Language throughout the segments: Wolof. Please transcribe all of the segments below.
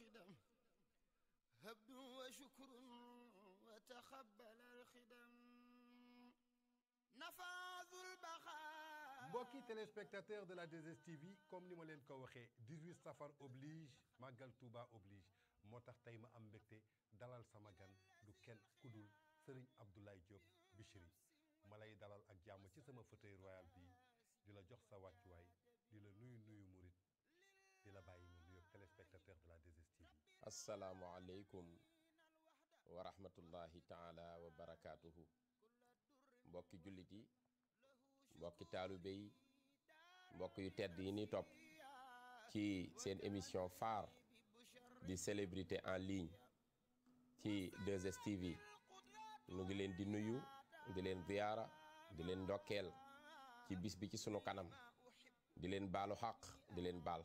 الخدم هبد وشكر وتقبل الخدم mbokki téléspectateur de la 2 yi comme ni ma leen ko waxee 18 safar oblige màggal Touba oblige moo tax tey ma am mbégte dalal sama gan du kenn ku kudul Serigne Abdoulaye Diop Bichri ma lay dalal ak jàmm ci sama fauteuil royal bii di la jox sa wàccuwaay di la nuyu nuyu murit di la bàyyi téléspectateurs de la 2STV. asalaamualeykum wa rahmatullahi taala wa barakaatuhu. mbokki jullit yi mbokki taalibe yi mbokk yu tedd yi ni topp ci seen émission phare di célébrité en ligne ci 2STV nu ngi leen di nuyu di leen ziyaara di leen ndokkeel ci bis bi ci sunu kanam di leen baalu xaq di leen baal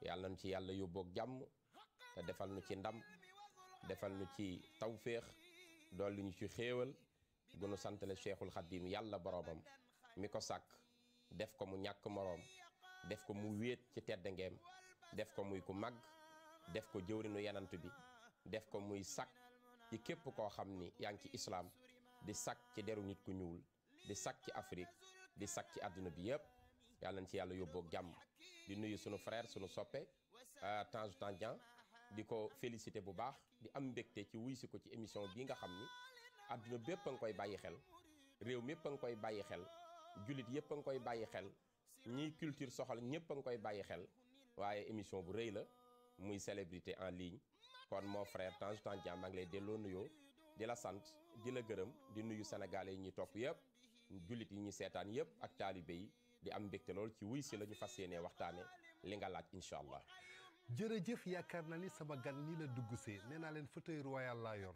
yàlla nu ci yàlla yóbboog jàmm defal nu ci ndam defal nu ci tawféex lu ñu ci xéewal gunu santale cheikhul xadim yàlla boroomam mi ko sàkk def ko mu ñàkk moroom def ko mu wéet ci teddangeem def ko muy ku màgg def ko jëwrinu yenant bi def ko muy sàkk ci képp koo xam ni yaa ngi ci islaam di sàkk ci deru nit ku ñuul di sàkk ci Afrique di sàkk ci àdduna bi yépp yàlla na ci yàlla yóbboog jàmm di nuyu sunu frère sunu soppe Tange Tandian di ko félicité bu baax di am mbégte ci wuy si ko ci émission bii nga xam ni àdduna bépp nga koy bàyyi xel réew mépp a nga koy bàyyi xel jullit yëpp a nga koy bàyyi xel ñiy culture soxal ñëpp a nga koy bàyyi xel waaye émission bu rëy la muy célébrité en ligne kon moo frère Tange Tandian maa ngi lay delloo nuyoo di la sant di la gërëm di nuyu sénégalais yi ñuy toog yëpp jullit yi ñu seetaan yëpp ak taalibe yi di am mbégte lool ci wuy si la ñu fas yéenee waxtaane li nga laaj incha allah. jërëjëf yaakaar na ni sama gan nii la dugg see nee naa leen fauteuil royal laa yor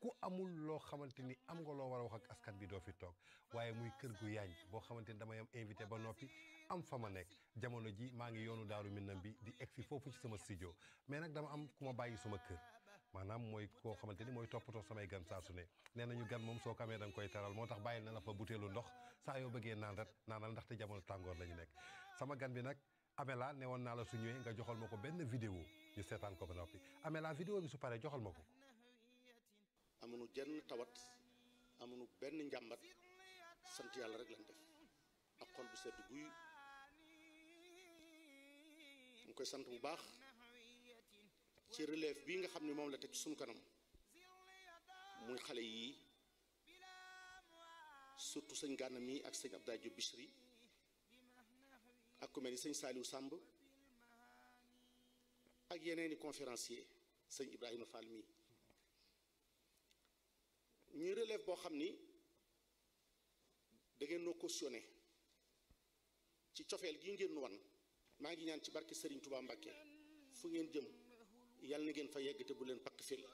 ku amul loo xamante ni am nga loo war a wax ak askan bi doo fi toog waaye muy kër gu yaañ boo xamante ni damay am invité ba noppi am fa ma nekk jamono ji maa ngi yoonu daaru minnam bi di egg fi foofu ci sama studio mais nag dama am ku ma bàyyi sama kër. maanaam mooy koo xamante ni mooy toppatoo samay gan saa su ne nee nañu gan moom soo ko amee koy teral moo tax bàyyil na la fa butéelu ndox saa yoo bëggee naan ret naanal ndaxte jamono tàngoor la ñu nekk sama gan bi nag laa ne woon naa la su ñëwee nga joxol ma ko benn vidéo ñu seetaan ko ba noppi Amela vidéo bi su paree joxal ma ko. amuñu jenn tawat amuñu benn njàmbat sant yàlla rek lañ def ak xol bu sedd guy mu koy sant bu baax. ci relève bii nga xam ne moom la teg ci suñu kanam muy xale yi surtout sëñ Gana mi ak sëñ Abdoulaye bi Bichri ak ku mel ni sëñ Saliou sàmb ak yeneen i conférencier sëñ Ibrahima Fall mi ñuy relève boo xam ni da ngeen noo cautionné ci cofeel gi ngeen wan maa ngi ñaan ci barke sëriñ Touba Mbacké fu ngeen jëm. yàlla na ngeen fa yegg te bu leen pakk fil sëriñ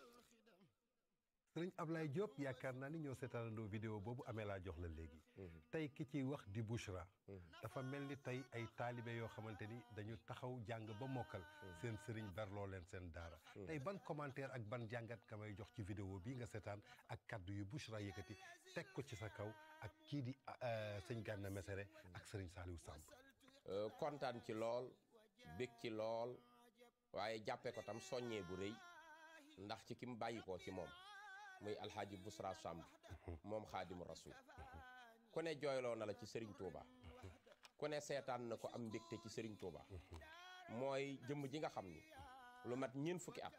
Ablaye Diop yaakaar naa ni ñoo seetaanandoo vidéo boobu amee laa jox la léegi. Mhm. tey ki ciy wax di Bouchra. Mhm. dafa mel ni tey ay taalibe yoo xamante ni dañu taxaw jàng ba mokkal. Mhm. seen sëriñ berloo leen seen daara. tey ban commentaire ak ban jàngat kamay jox ci vidéo bii nga seetaan ak kaddu yu Bouchra yëkkati teg ko ci sa kaw ak kii di ah, euh, sëñ Gana mesere ak sëriñ Saliou Samb. Euh, kontaan ci lool bég ci lool. waaye jàppee ko tam soññee bu rëy ndax ci ki mu bàyyi koo ci moom muy alxaaji Busra Samb moom xaadimu rasul ku ne jooyloo na la ci Serigne Touba ku ne seetaan na ko am mbégte ci Serigne Touba mooy jëmm ji nga xam ni lu mat ñeent fukki at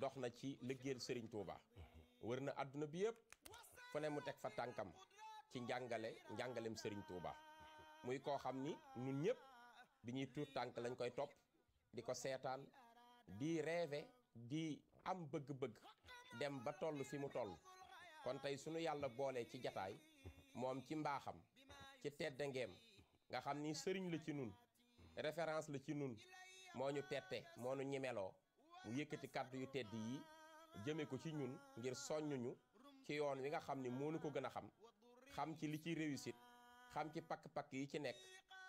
dox na ci liggéeyal sëriñ Touba wër na àdduna bi yëpp fu ne mu teg fa tànkam ci njàngale njàngalem Serigne Touba muy koo xam ni ñun ñëpp bi ñuy tuur tànk lañ koy topp. di ko seetaan di rêver di am bëgg-bëgg dem ba toll si mu toll kon tey sunu yàlla boole ci jataay moom ci mbaaxam ci teddangeem nga xam ni sëriñ la ci nun référence la ci nun moo ñu tette moo ñu ñemeloo mu yëkkati kàddu yu tedd yi jëme ko ci ñun ngir soññuñu ci yoon wi nga xam ni moo nu ko gën a xam xam ci li ci réussite xam ci pakpak pakk yi ci nekk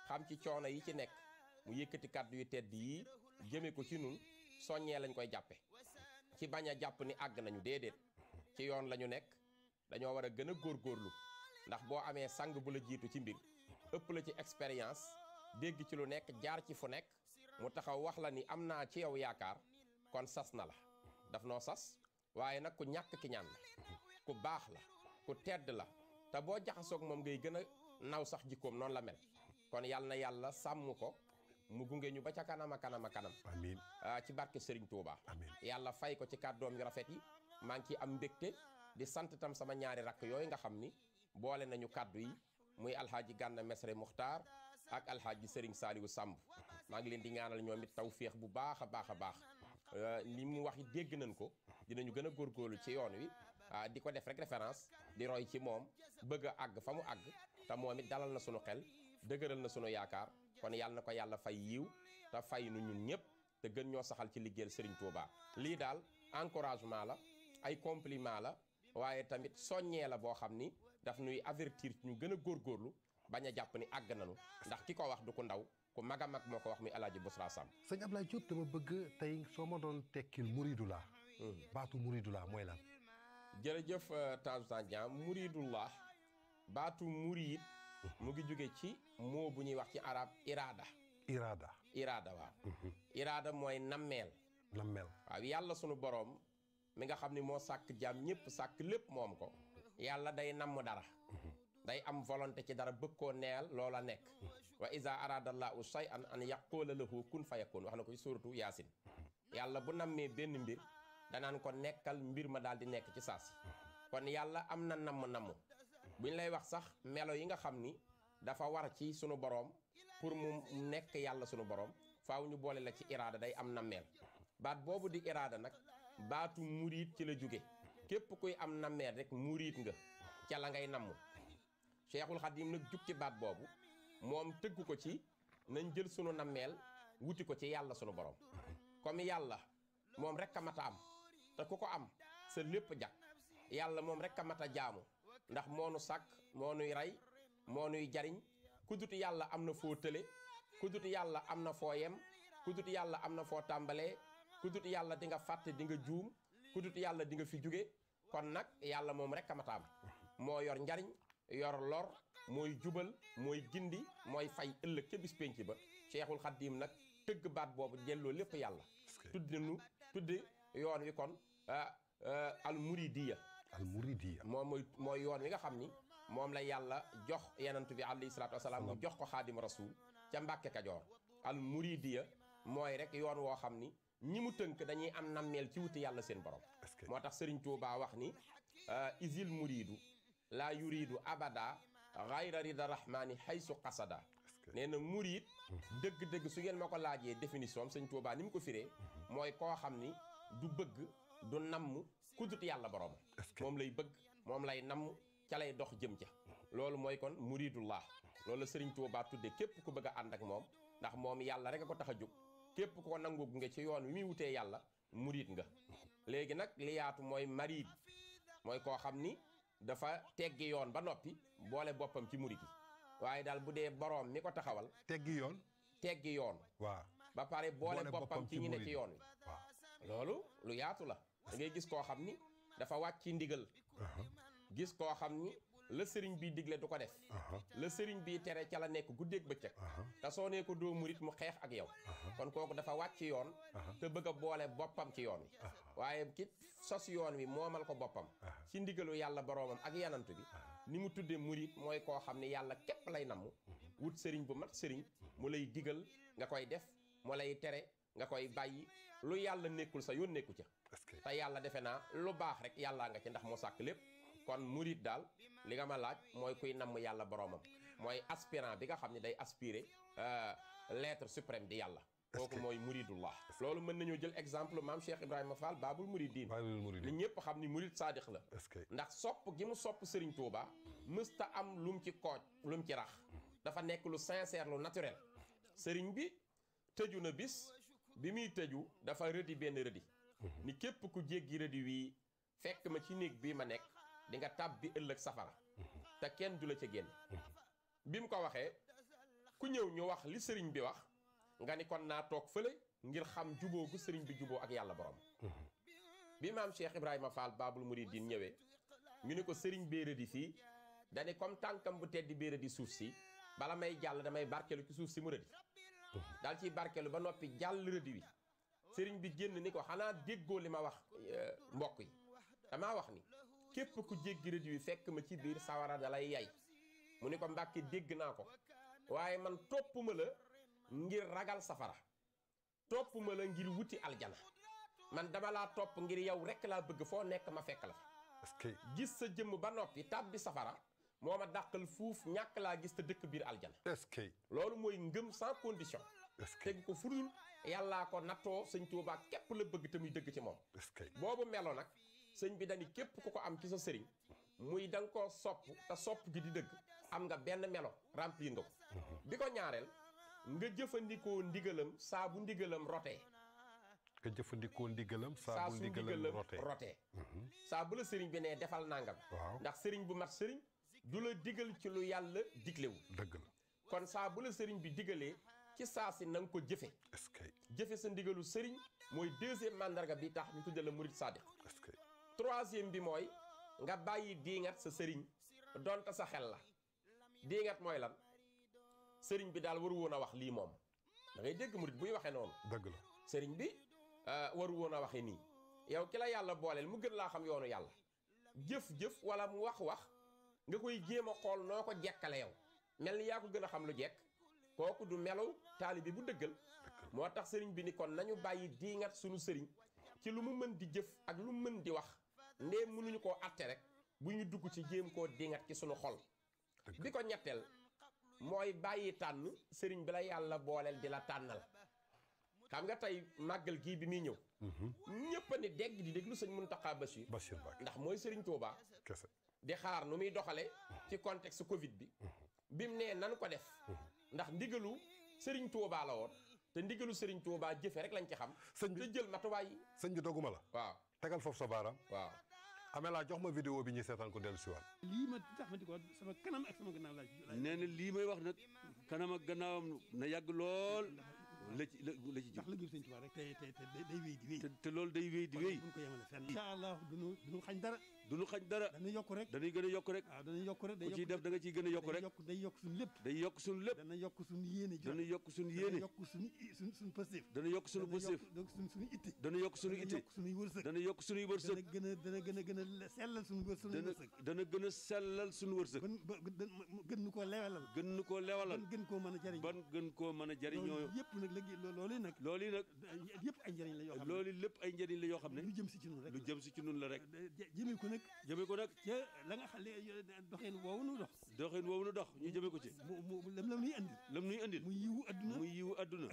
xam ci coono yi ci nekk mu yëkkati kàddu yu tedd yi jëme ko ci nun soññee lañ koy jàppe ci bañ a jàpp ni àgg nañu déedéet ci yoon la ñu nekk dañoo war a gën a góor góorlu ndax boo amee sang bu la jiitu ci mbir ëpp la ci expérience dégg ci lu nekk jaar ci fu nekk mu taxaw wax la ni am naa ci yow yaakaar kon sas na la daf noo sas waaye nag ku ñàkk kiñaan la ku baax la ku tedd la te boo jaxasoog moom ngay gën a naw sax jikkoom noonu la mel kon yàlla na yàlla sàmm ko mu gungee ñu ba ca kanam a kanam a kanam amiin ah, ci barke Serigne Touba amiin yàlla fay ko ci kàddoom yu rafet yi maa ngi ciy am mbégte di sant tam sama ñaari rakk yooyu nga xam ni boole nañu kàddu yi muy alxaaji Gànna Mesre Muxtaar ak alxaaji Serigne Saliou Samb maa ngi leen di ñaanal ñoom it tawféex bu baax a baax a baax ah, li mu wax dégg nañ ko dinañu gën a góorlu ci yoon wi ah, di ko def rek référence di roy ci moom bëgg a àgg fa mu àgg te moom it dalal na sunu xel dëgëral na sunu yaakaar kon yàlla na ko yàlla fay yiw te fay nu ñun ñëpp te gën ñoo saxal ci liggéeyal Serigne Touba. lii daal encouragement la ay compliment la waaye tamit soññee la boo xam ni daf nuy avertir ñu gën a góorlu bañ a jàpp ni àgg nañu ndax ki ko wax du ko ndaw. ku mag a mag moo ko wax muy alaaji Busra Sam sëñ Ablaye Diop dama bëgg tey soo ma doon tekkil muridulaa hmm. baatu muridulaa mooy lan jërëjëf Tange euh, Tandian muridulaa baatu murid mu ngi jóge ci moo bu ñuy wax ci arab iraada iraada iraada waaw mhm. iraada mooy nammeel nammeel waaw yàlla sunu boroom mi nga xam ni moo sàkk jaam ñépp sàkk lépp moom ko yàlla day namm dara mhm. day am volonté ci dara bëgg koo neel loola nekk mhm. wa iza arada allahu shay'an an yaqula lahu kun fayakun wax na ko ci suuratu yaasin yàlla bu nammee benn mbir danaan ko nekkal mbir ma daal di nekk ci saasi kon yàlla am na namm namm buñ lay wax sax melo yi nga xam ni dafa war ci sunu boroom pour mu nekk yàlla sunu boroom faaw ñu boole la ci iraada day am nammeel baat boobu di iraada nag baatu muriid ci la jóge képp kuy am nammeel rek muriid nga ca la ngay namm Cheikhul Khadim nag jug ci baat boobu moom tëgg ko ci nañ jël sunu nammeel wuti ko ci yàlla sunu boroom comme yàlla moom rek a mat a am te ku ko am sa lépp jag yàlla moom rek a mat a jaamu ndax moo nu sàkk moo nuy rey moo nuy jariñ ku yàlla am na foo tële ku yàlla am na foo yem ku yàlla am na foo tàmbalee ku yàlla di nga fàtte di nga juum ku yàlla di nga fi jóge kon nag yàlla moom rek a moo yor njariñ yor lor mooy jubal mooy gindi mooy fay ëllëg ca bis pénc ba Cheikhul Khadim nag tëgg baat boobu delloo lépp yàlla tudd nu tudd yoon wi kon ah, ah, al muridiya al muridiya moom mooy yoon wi nga xam ni moom la yàlla jox yenantu bi alayhi salaatu wasalaam mu jox ko xaadim rasul ca mbàkke kajoor al muridiya mooy rek yoon woo xam ni ñi mu tënk dañuy am nammeel ci wuti yàlla seen borom moo tax sëriñ Tuubaa wax ni euh, isil muridu la yuridu abada xayra rida rahmani haysu qasada nee na murid mhm. dëgg-dëgg su ngeen ma ko laajee définition am sëñ ni mu ko firee mhm. mooy koo xam ni du bëgg du namm kudut yàlla borom moom lay bëgg moom lay namm ca lay dox jëm ca loolu mooy kon muridullah loolu la sëriñ Tuubaa tudde képp ku bëgg ànd ak moom ndax moom yàlla rek a ko tax a jóg képp ko nangu nga ci yoon wi muy wutee yàlla murid nga léegi nag li yaatu mooy marid mooy koo xam ni dafa teggi yoon ba noppi boole boppam ci murid yi waaye daal bu dee boroom mi ko taxawal teggi yoon teggi yoon waaw ba pare boole boppam ci ñi ne ci yoon wi loolu lu yaatu la da ngay gis koo xam ni dafa wàcc ci ndigal uh-huh. gis koo xam ni la sëriñ bii digle du ko def uh-huh. la sëriñ bii tere ca la nekk guddeeg bëccëg uh-huh. te soo nee ko doo murit mu xeex ak yow kon kooku dafa wàcc ci yoon te bëgg a boole boppam ci yoon wi waaye ki sos yoon wi moomal ko boppam ci ndigalu yàlla boroomam ak yanant bi ni mu tuddee murit mooy koo xam ne yàlla képp lay namm wut sëriñ bu mat sëriñ mu lay digal nga koy def mu lay tere nga koy bàyyi lu yàlla nekkul sa yoon nekku ca te yàlla defe naa lu baax rek yàllaa nga ci ndax mu sàkk lépp kon murit daal li nga ma laaj mooy kuy namm yàlla boromam mooy aspirant bi nga xam ne day aspirer euh, l'être suprême di yàlla kooku mooy muridullah loolu mën nañoo jël exemple maam Cheikh Ibrahima Fall baabul muridin li ñëpp xam ni murid saadix la ndax sopp gi mu sopp Serigne Touba mësta am lu mu ci kooj lu mu ci rax dafa nekk lu sincère lu naturel Serigne bi tëju na bis bi muy tëju dafa rëdi benn rëdi ni képp ku jéggi rëdd wii fekk ma ci néeg bii ma nekk dinga nga tàbbi ëllëg safara te kenn du la ca génn bi mu ko waxee ku ñëw ñu wax li sëriñ bi wax nga ni kon naa toog fële ngir xam juboo gu sëriñ bi juboo ak yàlla borom bi maam Cheikh ibraahima Fall Baabul mu di Muridiin ñëwee ñu ni ko sëriñ bee rëdd fii dani comme tànkam bu tedd bee rëdd suuf si bala may jàll damay barkeelu ci suuf si mu rëdd dal ciy barkeelu ba noppi jàll rëdd wi sëriñ bi génn ni ko xanaa déggoo li ma wax euh, mbokk yi damaa wax ni képp ku jéggi rëdd wi fekk ma ci biir sawara dalay yay mu ni ko mbàkke dégg naa ko waaye man topp ma la ngir ragal safara topp ma la ngir wuti aljana man dama laa topp ngir yow rekk laa bëgg foo nekk ma fekk la fa gis sa jëmm ba noppi tàbbi safara moo ma dàqal fuuf ñàkk laa gis te dëkk biir aljana loolu mooy ngëm sans condition tegu ko furul yàllaa ko nattoo sëñ Tuubaa képp la bëgg te muy dëgg ci moom boobu melo nag sëñ bi dani képp ku ko am ci sa sëriñ muy da nga koo sopp te sopp gi di dëgg am nga benn melo remplir nga ko mhm. bi ko ñaareel nga jëfandikoo ndigalam saa bu ndigalam rotee nga jëfandikoo ndigalam saa bu ndigalam rotee mhm. saa bu la sëriñ bi ne defal nangam waaw ndax sëriñ bu mat sëriñ du la digal ci lu yàlla diglewul dëgg kon saa bu la sëriñ bi digalee ci saa si na nga ko jëfe que jëfe sa ndigalu sëriñ mooy deuxième mandarga bi tax mu tudde la murit sadiq est que troisième bi mooy nga bàyyi diingat sa sëriñ donte sa xel la diingat mooy lan sëriñ bi daal waru woon a wax lii moom da ngay dégg murit buy waxee noonu dëgg la sëriñ bi euh, waru woon a waxee nii yow ki yàlla booleel mu gën laa xam yoonu yàlla jëf-jëf wala mu wax-wax nga koy jéem a xool noo ko jekkale yow mel ni yaa ko gën a xam lu jekk kooku du melaw taalibe bu dëggal moo tax sëriñ bi ni kon nañu bàyyi diingat sunu sëriñ ci lu mu mën di jëf ak lu mu mën di wax ndee mënuñu koo atte rek bu ñu dugg ci jéem koo diingat ci sunu xol bi ko ñetteel mooy bàyyi tànn sëriñ bi la yàlla booleel di la tànnal xam nga tey màggal gii bi muy ñëw mhm. ñépp a ni dégg di déglu sëñ Muntaxa Bachir Bachir ndax mooy sëriñ Tuubaa kese di xaar nu muy doxale mhm. ci contexte Covid bi mhm. bi nee nanu ko def ndax ndigalu sëriñ Touba la woon te ndigalu sëriñ Touba jëfe rek lañu ci xam. sëñ bi te jël matuwaay yi. sëñ bi doguma la. waaw tegal foofu sa baaraam. waaw amee laa jox ma vidéo bi ñu seetaan ko dellu si waat. lii ma tax ma sama kanam ak sama nee na lii may wax nag kanama gannaawam na yàgg lool. la ci la ci jëm ndax liggéeyu Sëñ Touba rek. te te te day wéy di wéy. te loolu day wéy di wéy. kon buñ ko xañ dara. du lu xañ dara dañuy yokk rek dañuy gën a yokk rek waaw ah, dañuy yokk rek ku ciy def da nga ciy gën a yokk rek day yokk suñu lépp day yokk suñu lépp dana yokk suñu yéene dana yokk suñu yéene yokk suñu suñu suñu positif dana yokk suñu positif suñu itti dana yokk suñu itti dana yokk gën a dana gën a gën a sellal suñu wërsëg dana gën a sellal suñu wërsëg gën nu koo lewalal gën koo lewalal ban gën koo mën a jëriñ ban gën koo mën a jëriñoo yëpp nag léegi loolu nag loolu nag yëpp la yoo xam ne loolu lépp ay njëriñ la yoo xam ne lu jëm si ci nun rek la rek jëme ko nag ca la nga xam ne doxeen woowu nu dox doxin woowu nu dox ñu jëme ko ci mu mu lam nuy andil lam nuy andil mu yiwu adduna mu yiwu adduna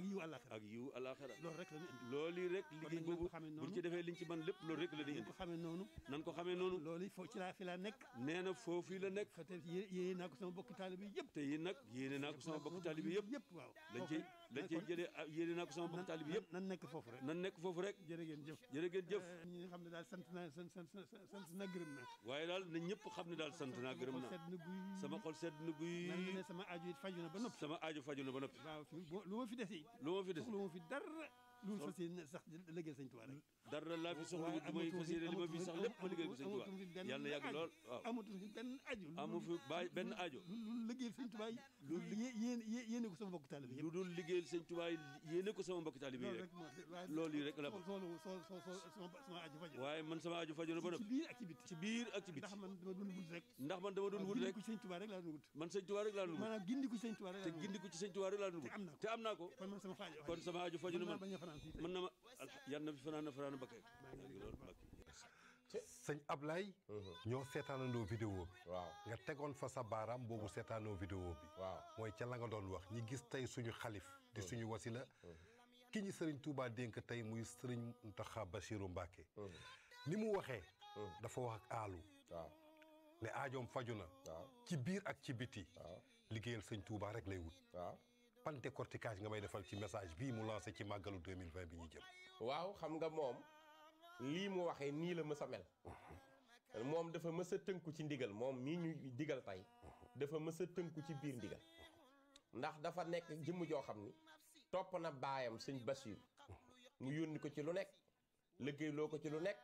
ak yiwu alaxira loolu rek la ñuy loolu rek liggéey boobu buñ ci defee liñ ci man lépp loolu rek la ñuy nan ko xamee noonu loolu foo ci laa fi laa nekk nee foofu la nekk yéene naa ko sama bokki taalibe yëpp te yi nag yéene naa ko sama bokki taalibe yëpp yëpp waaw lañ ah, jëf jërë xam ne daal sant naa gërëm naa waaye daal ne daal sama xol sedd na guy. mel na sama aju faju na ba noppi. sama aju faju na ba noppi. waaw lu ma fi des yi. lu ma fi des soxla ma fi dara. lu fas yéene sax liggéey Sëñ Tuubaa rek dara laa fi soxla du may fas yéene li ma fi sax lépp ma liggéey ko Sëñ Tuubaa yàlla na yàgg lool waaw amatu fi benn aju amu fi baay benn aajo lu liggéeyal Sëñ Tuubaa lu yéen yéene ko sama mbokk taalibe yi lu dul liggéeyal Sëñ Tuubaa yéene ko sama mbokk taalibe yi rek loolu yi rek la ma sama aju faju waaye man sama aju faju na ba noppi ci biir ak ci biti ci biir ak ci biti ndax man dama doon wut rek ndax man dama doon wut rek Sëñ Tuubaa rek laa doon wut man Sëñ Tuubaa rek laa doon wut maanaam gindiku Sëñ Tuubaa rek te gindiku ci Sëñ Tuubaa rek laa doon wut te am naa ko kon sama aju faju na man mën na ma sëñ Ablaye. ñoo seetaanandoo vidéo bi. nga tegoon fa sa baaraam boobu seetaanoo vidéo bi. mooy ca la nga doon wax ñi gis tey suñu xalif. di suñu wasila. ki ñi sëriñ tuubaa dénk tey muy sëriñ Mountakha Bassirou Mbacké. ni mu waxee. dafa wax ak aalu. ne aajoom faju na. ci biir ak ci biti. liggéeyal sëñ Touba rek lay wut. pantécortiquage nga may defal ci message bii mu lancé ci màggalu 2020 bi ñu jëm. waaw xam nga moom lii mu waxee nii la mës mel. moom dafa mës tënku ci ndigal moom mii ñu digal tey. dafa mësa tënku ci biir ndigal. ndax dafa nekk jëmm joo xam ni. topp na baayam sëñ Basiir. mu yónni ko ci lu nekk. liggéeyloo ko ci lu nekk.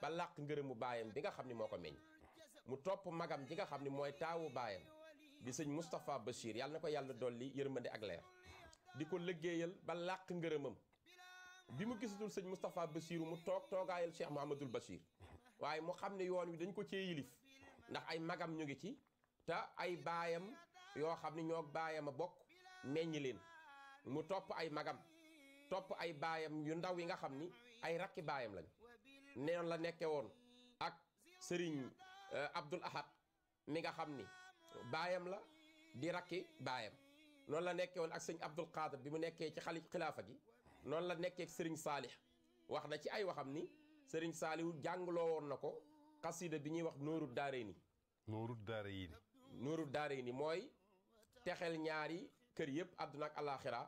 ba làq ngërëmu baayam bi nga xam ni moo ko meññ. mu topp magam ji nga xam ni mooy taawu baayam. di sëñ Moustapha Bachir yàlla na ko yàlla dolli yërmande ak leer di ko liggéeyal ba làq ngërëmam bi mu gisatul sëñ Moustapha Bachir mu toog toogaayal Cheikh Mouhamadul Bachir waaye mu xam ne yoon wi dañ ko cee yilif ndax ay magam ñu ngi ci te ay baayam yoo xam ne ñoo baayam a bokk meññi leen mu topp ay magam topp ay baayam yu ndaw yi nga xam ni ay rakki baayam lañu neen la nekke woon ak sëriñ euh, Abdul Ahad mi nga xam ni baayam la di rakki baayam noonu la nekkee woon ak sëñ Abdul Qadir bi mu nekkee ci xali xilaafa gi noonu la nekkee sëriñ Saalix wax na ci ay waxam ni sëriñ Saalihu jàngloo woon na ko xasida bi ñuy wax Nooru Daare ni. Nooru Daare yi ni. Nooru Daare ni mooy texel ñaari kër yëpp àdduna ak alaaxira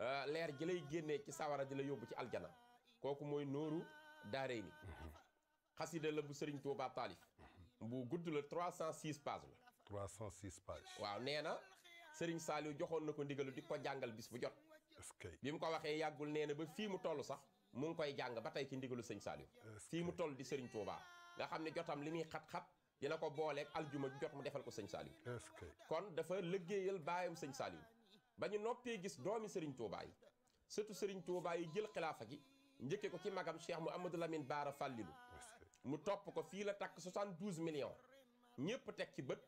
euh, leer ji lay génnee ci sawara di la yóbbu ci aljana kooku mooy Nooru Daare ni. Mhm. xasida la bu sëriñ Touba Taalif. Mhm. bu gudd la 306 pages la. 306 pages. waaw nee na Serigne Saliou joxoon na ko ndigalu di ko jàngal bis bu jot. est bi mu ko waxee yàggul nee na ba fii mu toll sax mu ngi koy jàng ba tey ci ndigalu sëñ Saliou. fii mu toll di Serigne Touba. nga xam ne jotam li muy xat-xat dina ko booleeg aljuma jot mu defal ko sëñ Saliou. est kon dafa liggéeyal baayam sëñ Saliou. ba ñu noppee gis doomi Serigne Touba yi surtout Serigne Touba yi jël xilaafa gi. njëkkee ko ci magam Cheikh Mouhamadou Lamine Baara Fàllilu mu topp ko fii la takk 72 millions ñëpp teg ci bët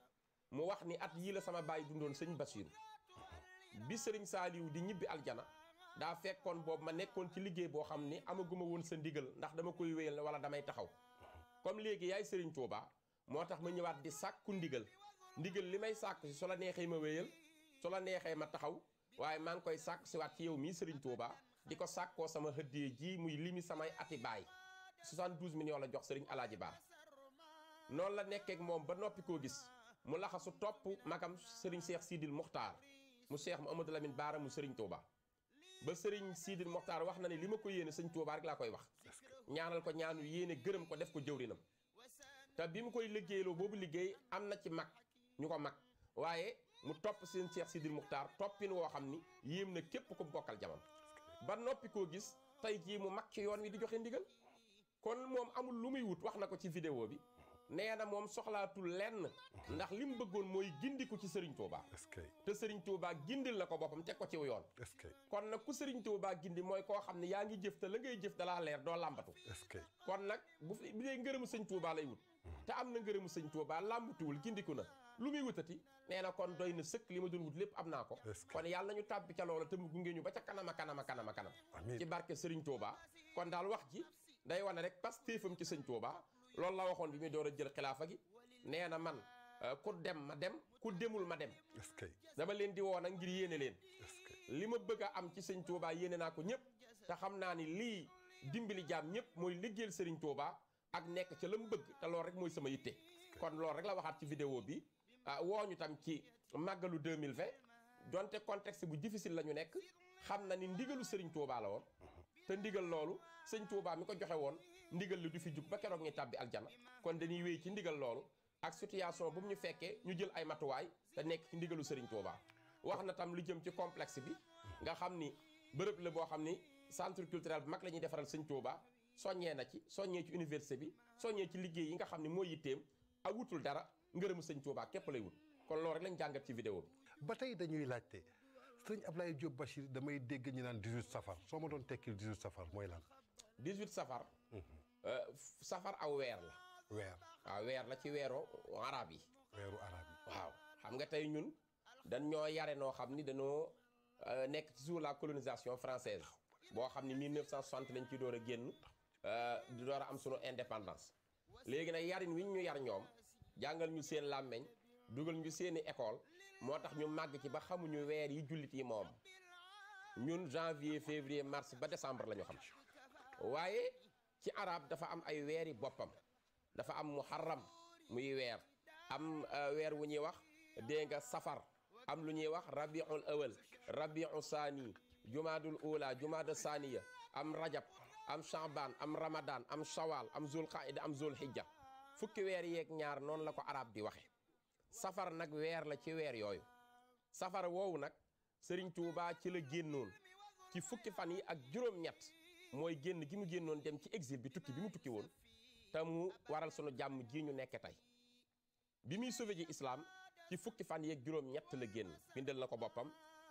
mu wax ni at yii la sama baay dundoon sëñ Basiiru bi sëriñ Saaliw di ñibbi aljana daa fekkoon boobu ma nekkoon ci liggéey boo xam ni amaguma woon sa ndigal ndax dama koy wéyal wala damay taxaw comme léegi yaay sëriñ Touba moo tax ma ñëwaat di sàkku ndigal ndigal li may sàkku si su la neexee ma wéyal su la neexee ma taxaw waaye maa ngi koy sàkku si waat ci yow mii sëriñ Touba di ko sàkkoo sama hëddee ji muy li limi samay ati baay 72 millions la jox sëriñ Alaaji Ba noonu la nekkeek moom ba noppi koo gis mu laxasu topp magam sëriñ Cheikh Sidil Muxtaar mu mu Amadou Lamine Baara mu sëriñ Touba ba sëriñ Sidil Muxtaar wax na ne li ma ko yéene sëñ Touba rek laa koy wax ñaanal ko ñaanu yéene gërëm ko def ko jëwrinam te bi mu koy liggéeyloo boobu liggéey am na ci mag ñu ko mag waaye mu topp seen Cheikh Sidil Muxtaar toppin woo xam ni yéem na képp ko bokkal jamam ba noppi koo gis tey jii mu mag ci yoon wi di joxe ndigal kon moom amul lu muy wut wax na ko ci vidéo bi nee na moom soxlaatul lenn ndax li mu bëggoon mooy gindi ko ci Serigne Touba. te Serigne Touba gindil la ko boppam teg ko ci yoon. kon nag ku Serigne Touba gindi mooy koo xam ne yaa ngi jëf te la ngay jëf dalaa leer doo làmbatu. kon nag bu fi bi dee ngërëmu sëñ Touba lay wut. te am na ngërëmu sëñ Touba làmbatuwul gindiku na. lu muy wutati nee na kon doy na sëkk li ma doon wut lépp am naa ko kon yàlla ñu tàbbi ca loola te mu gunge ñu ba ca kanam a kanam a kanam a kanam ci barke Serigne Touba kon daal wax ji day wane rek pas téefam ci sëñ Touba loolu la waxoon bi muy door a jël xilaafa gi nee na man euh, ku dem ma dem ku demul ma dem. dama leen di woo nag ngir yéene leen. li ma bëgg a am ci sëñ Touba yéene naa ko ñëpp. te xam naa ni lii dimbali jaam ñëpp mooy liggéeyal sëriñ Touba ak nekk ca la mu bëgg te loolu rek mooy sama yitte. kon loolu rek la waxaat ci vidéo bi ah, woo ñu tam ci màggalu 2020 donte contexte bu difficile la ñu nekk xam na ni ndigalu sëriñ Touba la woon. Mhm. te ndigal loolu sëñ Touba mi ko joxe woon. ndigal li du fi jub ba keroog ñu tàbbi aljana kon dañuy wéy ci ndigal loolu ak situation bu mu ñu fekkee ñu jël ay matuwaay te nekk ci ndigalu Serigne Touba. wax na tam lu jëm ci complexe bi nga xam ni bërëb la boo xam ni centre culturel bu mag la ñuy defaral Serigne Touba soññee na ci soññee ci université bi soññee ci liggéey yi nga xam ne moo yitteem ak wutul dara ngërëmu Serigne Touba képp lay wut kon loolu rek lañ jàngat ci vidéo bi. ba tey dañuy laajte sëñ Ablaye Diop Bachir damay dégg ñu naan 18 safar soo ma doon tekkil 18 safar mooy lan. 18 safar. Mhm. Euh, safar aw weer la. weer waaw weer la ci weeru arab yi. weeru arab yi. waaw xam nga tey ñun dañ ñoo yare noo xam ni dañoo euh, nekk ci sous la colonisation française boo xam ni 1960 lañ ci door a génn euh, di door a am sunu indépendance léegi nag yarin wiñ ñu yar ñoom jàngal ñu seen làmmeñ dugal ñu seeni école moo tax ñu màgg ci ba xamuñu weer yi jullit yi moom ñun janvier février mars ba décembre la ñu xam waaye. ci arab dafa am ay weeri boppam dafa am muharram muy weer am euh, weer wu ñuy wax dégg nga safar am lu ñuy wax rabiul awal rabiu saani jumaadul ula jumaada saaniya am rajab am chaban am ramadaan am shawal am zulqaida am zulhijja fukki weer yeeg ñaar noonu la ko arab di waxe safar nag weer la ci weer yooyu safar woowu nag sëriñ Tuubaa ci la génnoon ci fukki fan yi ak juróom-ñett mooy génn gi mu génnoon dem ci exil bi tukki bi mu tukki woon te mu waral sunu jàmm ji ñu nekk tey bi muy sauvé ji islaam ci fukki fan yeeg juróom-ñett la génn bindal na ko boppam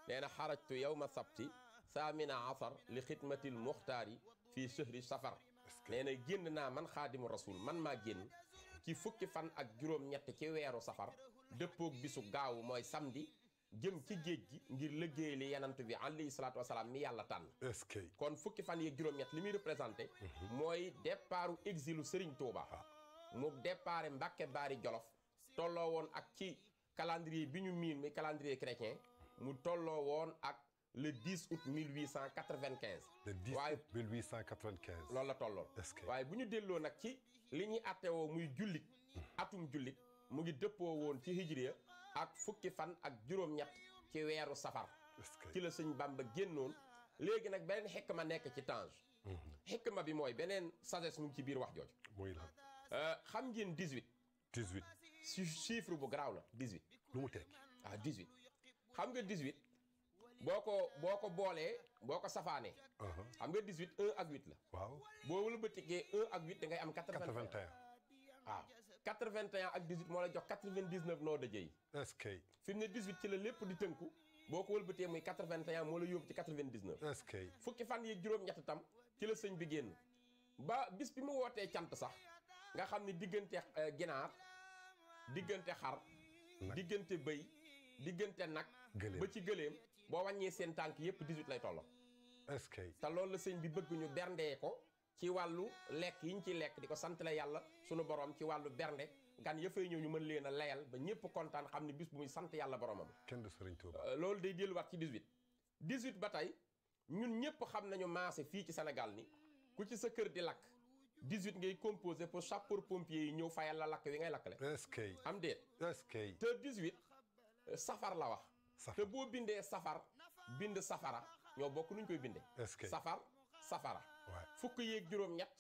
nee na xarajtu ma sabti saamina asar li xidmatil muxtaari fii chehri safar nee na génn naa man xaadimu rasul man maa génn ci fukki fan ak juróom-ñett ci weeru safar dëppoog bisu gaawu mooy samedi jëm ci géej gi ngir liggéey li yanant bi alayhi salaatu wasalaam mi yàlla tànn est-ce kon fukki fan yi juróom-ñett li muy représenté mhm. mooy départu exilu Serigne Touba ah. mu départ Mbàkke Baari Jolof tolloo woon ak ci calendrier bi ñu miin mi calendrier chrétien mu tolloo woon ak le 10 août 1895 le 10 août 1895 loolu la tolloon waaye bu ñu delloo nag ci li ñuy attewoo muy jullit mhm. atum jullit mu ngi dëppoo woon ci hijriya ak fukki fan ak juróom-ñett ci weeru safar ci la sëñ Bamba génnoon léegi nag beneen ma nekk ci Tange mhm. ma bi mooy beneen sagesse mu ci biir wax jooju muy lan euh, xam ngeen 18 18 si chiffre bu garaaw la 18 lu mu tekki ah 18 xam nga 18 boo ko boo ko boolee boo ko safaanee uh-huh. xam nga 18 1 ak 8 la waaw boo wëlbatikee 1 ak 8 da ngay am 81 waaw 81 ak 18 moo lay jox 99 noo dëjee yi. est-ce que. fi mu ne 18 ci la lépp di tënku boo ko wëlbatee muy 81 moo la yóbbu ci 99. est-ce que. fukki fan yi juróom-ñett tam ci la sëñ bi génn ba bis bi mu wootee cant sax nga xam ne diggante euh, ginaar diggante xar. diggante bëy diggante nag. ba ci gëleem boo wàññee seen tànk yépp 18 lay tolloo. est-ce que. te loolu la sëñ bi bëgguñu ñu berndee ko. ci wàllu lekk yi ñu ci lekk di ko sant la yàlla sunu borom ci wàllu bernde gan yëfay ñëw ñu mën leen a layal ba ñëpp kontaan xam ne bis bu muy sant yàlla boromam. kenn du Sëriñ Tuuba. Euh, loolu day delluwaat ci 18. 18 ba tey ñun ñëpp xam nañu maase fii ci senegal ni ku ci sa kër di lakk 18 ngay composé pour sapeur pompier yi ñëw fayal la lakk wi ngay lakkale. le ce que am déet. est dis que euh, safar la wax. te boo bindee safar bind safara ñoo bokk nuñ koy bindee. safar fukk yeeg juróom-ñett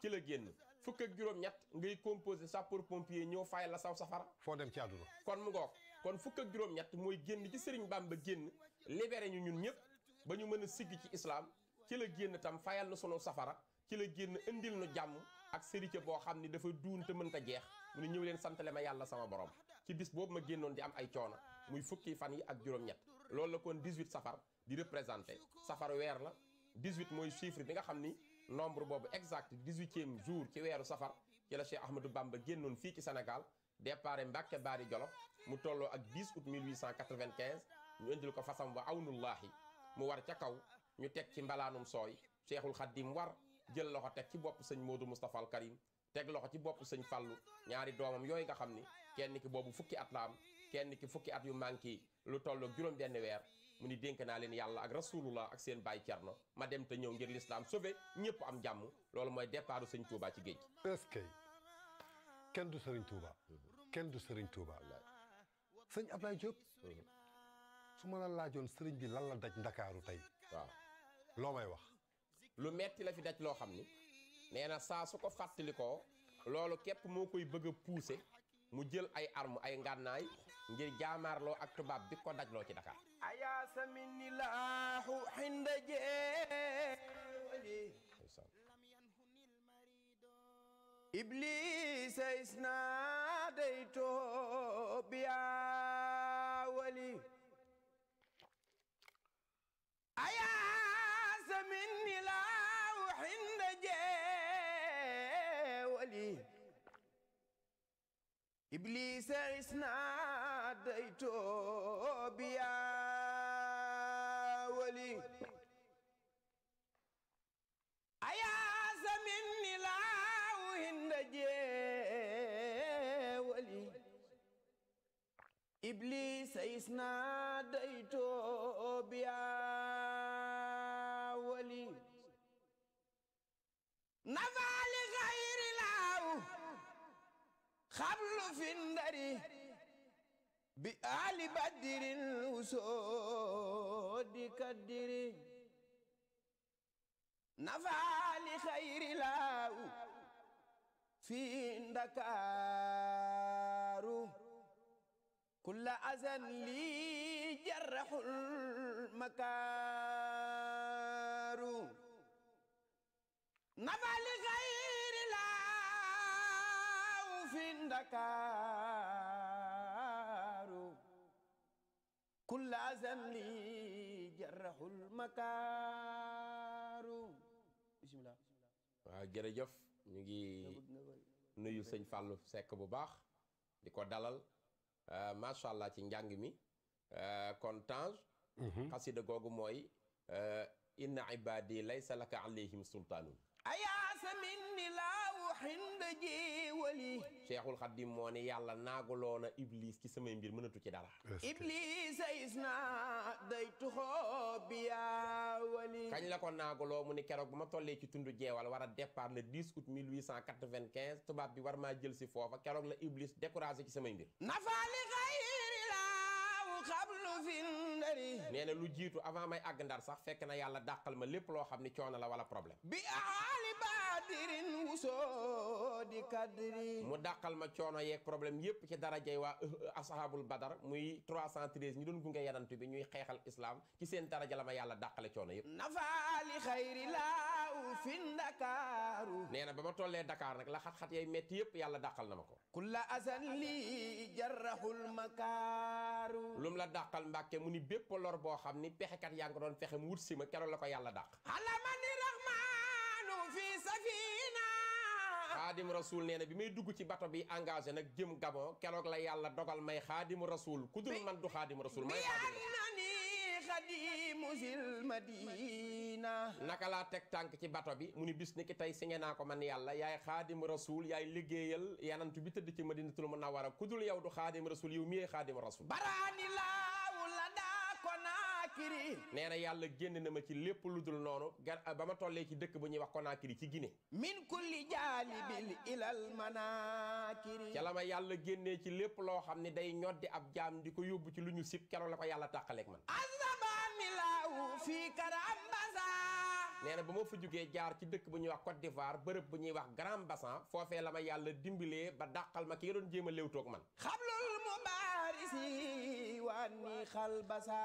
ci la génn fukk ak juróom-ñett ngay composé sapeur pompier ñëw fay la saw safara. foo dem ci àdduna. kon mu ngoog kon fukk ak juróom-ñett mooy génn ci baam ba génn libéré ñu ñun ñëpp ba ñu mën a sigg ci islaam ci la génn tam fayal na sunu safara ci la génn indil nu jàmm ak sëriñ boo xam ni dafa duun te mënta jeex. mu ne ñëw leen santale ma yàlla sama borom ci bis boobu ma génnoon di am ay coono muy fukki fan yi ak juróom-ñett loolu la kon 18 safar di représenté safar weer la. 18 mooy chiffre bi nga xam ni nombre boobu exact 18e jour ci weeru safar ci la Cheikh Ahmadou Bamba génnoon fii ci Sénégal départ Mbàkke Baari Jolof mu tolloo ak 10 août 1895 ñu indil ko fasam wa awnullaahi mu war ca kaw ñu teg ci mbalaanum sooy Cheikhul Khadim war jël loxo teg ci bopp sëñ Modou Moustapha al Karim teg loxo ci bopp sëñ Fallou ñaari doomam yooyu nga xam ni kenn ki boobu fukki at la am kenn ki fukki at yu manqué lu tollook juróom benn weer mu ni dénk naa leen yàlla ak rasulullah ak seen baay cerno ma dem te ñëw ngir lislaam sauvé ñëpp am jàmm loolu mooy départu sëñ Touba ci géej est-ce kenn du sëriñ Touba kenn du sëriñ Touba sëñ Ablaye Diop su ma la laajoon sëriñ bi lan la daj ndakaaru tey waaw loo may wax lu metti la fi daj loo xam ni nee na saa su ko fàttalikoo loolu képp moo koy bëgg a pousser mu jël ay arme ay ngànnaay ngir jaamaarloo ak tubaab bi ko dajloo ci Dakar ayaasa minni laahu xinda jeewali ibliisa isnaadayto biyaawali ayaasa iblisa isnadayto biya wali ayasa minni law hinda jeewali iblisa isnadayto biya xablu fi ndari bi ali badrin usoodi kaddiri nafaali xayri laawu fi ndakaaru kulla azan lii jarraxul makaaru fi ndakaaru kulla zamli jarahul makaaru jërëjëf ñu ngi nuyu sëñ Fallou Seck bu baax di ko dalal euh, macha allah ci njàng mi euh, kon Tange mhm. xasida googu mooy euh, inna ibadi laysa laka alayhim sultaanun aya cheikhul xaddim moo ne yàlla naagaloona iblis ci samay mbir mënatu ci dara iblis is na day tuxoo bi yaa wali kañ la ko naagaloo mu ni keroog ba ma tollee ci tundu jeewal war a départ le 10 août tubaab bi war maa jël si foofa keroog la iblis découragé ci samay mbir nafaali xayri laaw xablu fi ndari nee na lu jiitu avant may àgg ndar sax fekk na yàlla dàqal ma lépp loo xam ni coono la wala problème bi qadirin wusoo di kadri mu dàqal ma coono yeeg problème yépp ci darajey waa euh, ashabul badar muy 313 ñu doon gunge yanantu bi ñuy xeexal islam ci seen daraja la ma yàlla dàqale coono yépp nafaali xayri laaw ba ma tollee Dakar nag la xat metti yépp yàlla dàqal na ma ko kulla asan li jarrahul makaaru lu la dàqal mbàkke mu ni bépp lor boo xam ni pexekat yaa ngi doon fexe mu wut si ma keroog la ko yàlla dàq safina xaadim rasul nee na bi may dugg ci bato bi engagé nag jëm Gabon keroog la yàlla dogal may xaadim rasul ku dul man du xaadim rasul may naka laa teg tànk ci bato bi mu ni bis ni ki tey singe naa ko man yàlla yaay xaadim rasul yaay liggéeyal yanantu bi tëdd ci madinatul munawara ku dul yow du xaadim rasul yow mi yee xaadim rasul baraani laa Conakry nee na yàlla génn na ma ci lépp lu dul noonu gar ba ma tollee ci dëkk bu ñuy wax Conakry ci Guinée min kulli jaanibil ilal manakiri ca la ma yàlla génnee ci lépp loo xam ne day ñoddi ab jaam di ko yóbbu ci lu ñu sib keroog la ko yàlla tàqaleeg man azabanilaw fii karambasa nee na ba ma fa jugee jaar ci dëkk bu ñuy wax Côte d'Ivoire bërëb bu ñuy wax Grand Bassan foofee la ma yàlla dimbilee ba dàqal ma ki doon jéem a léewtoog man xablul mubaarisi anni xal basa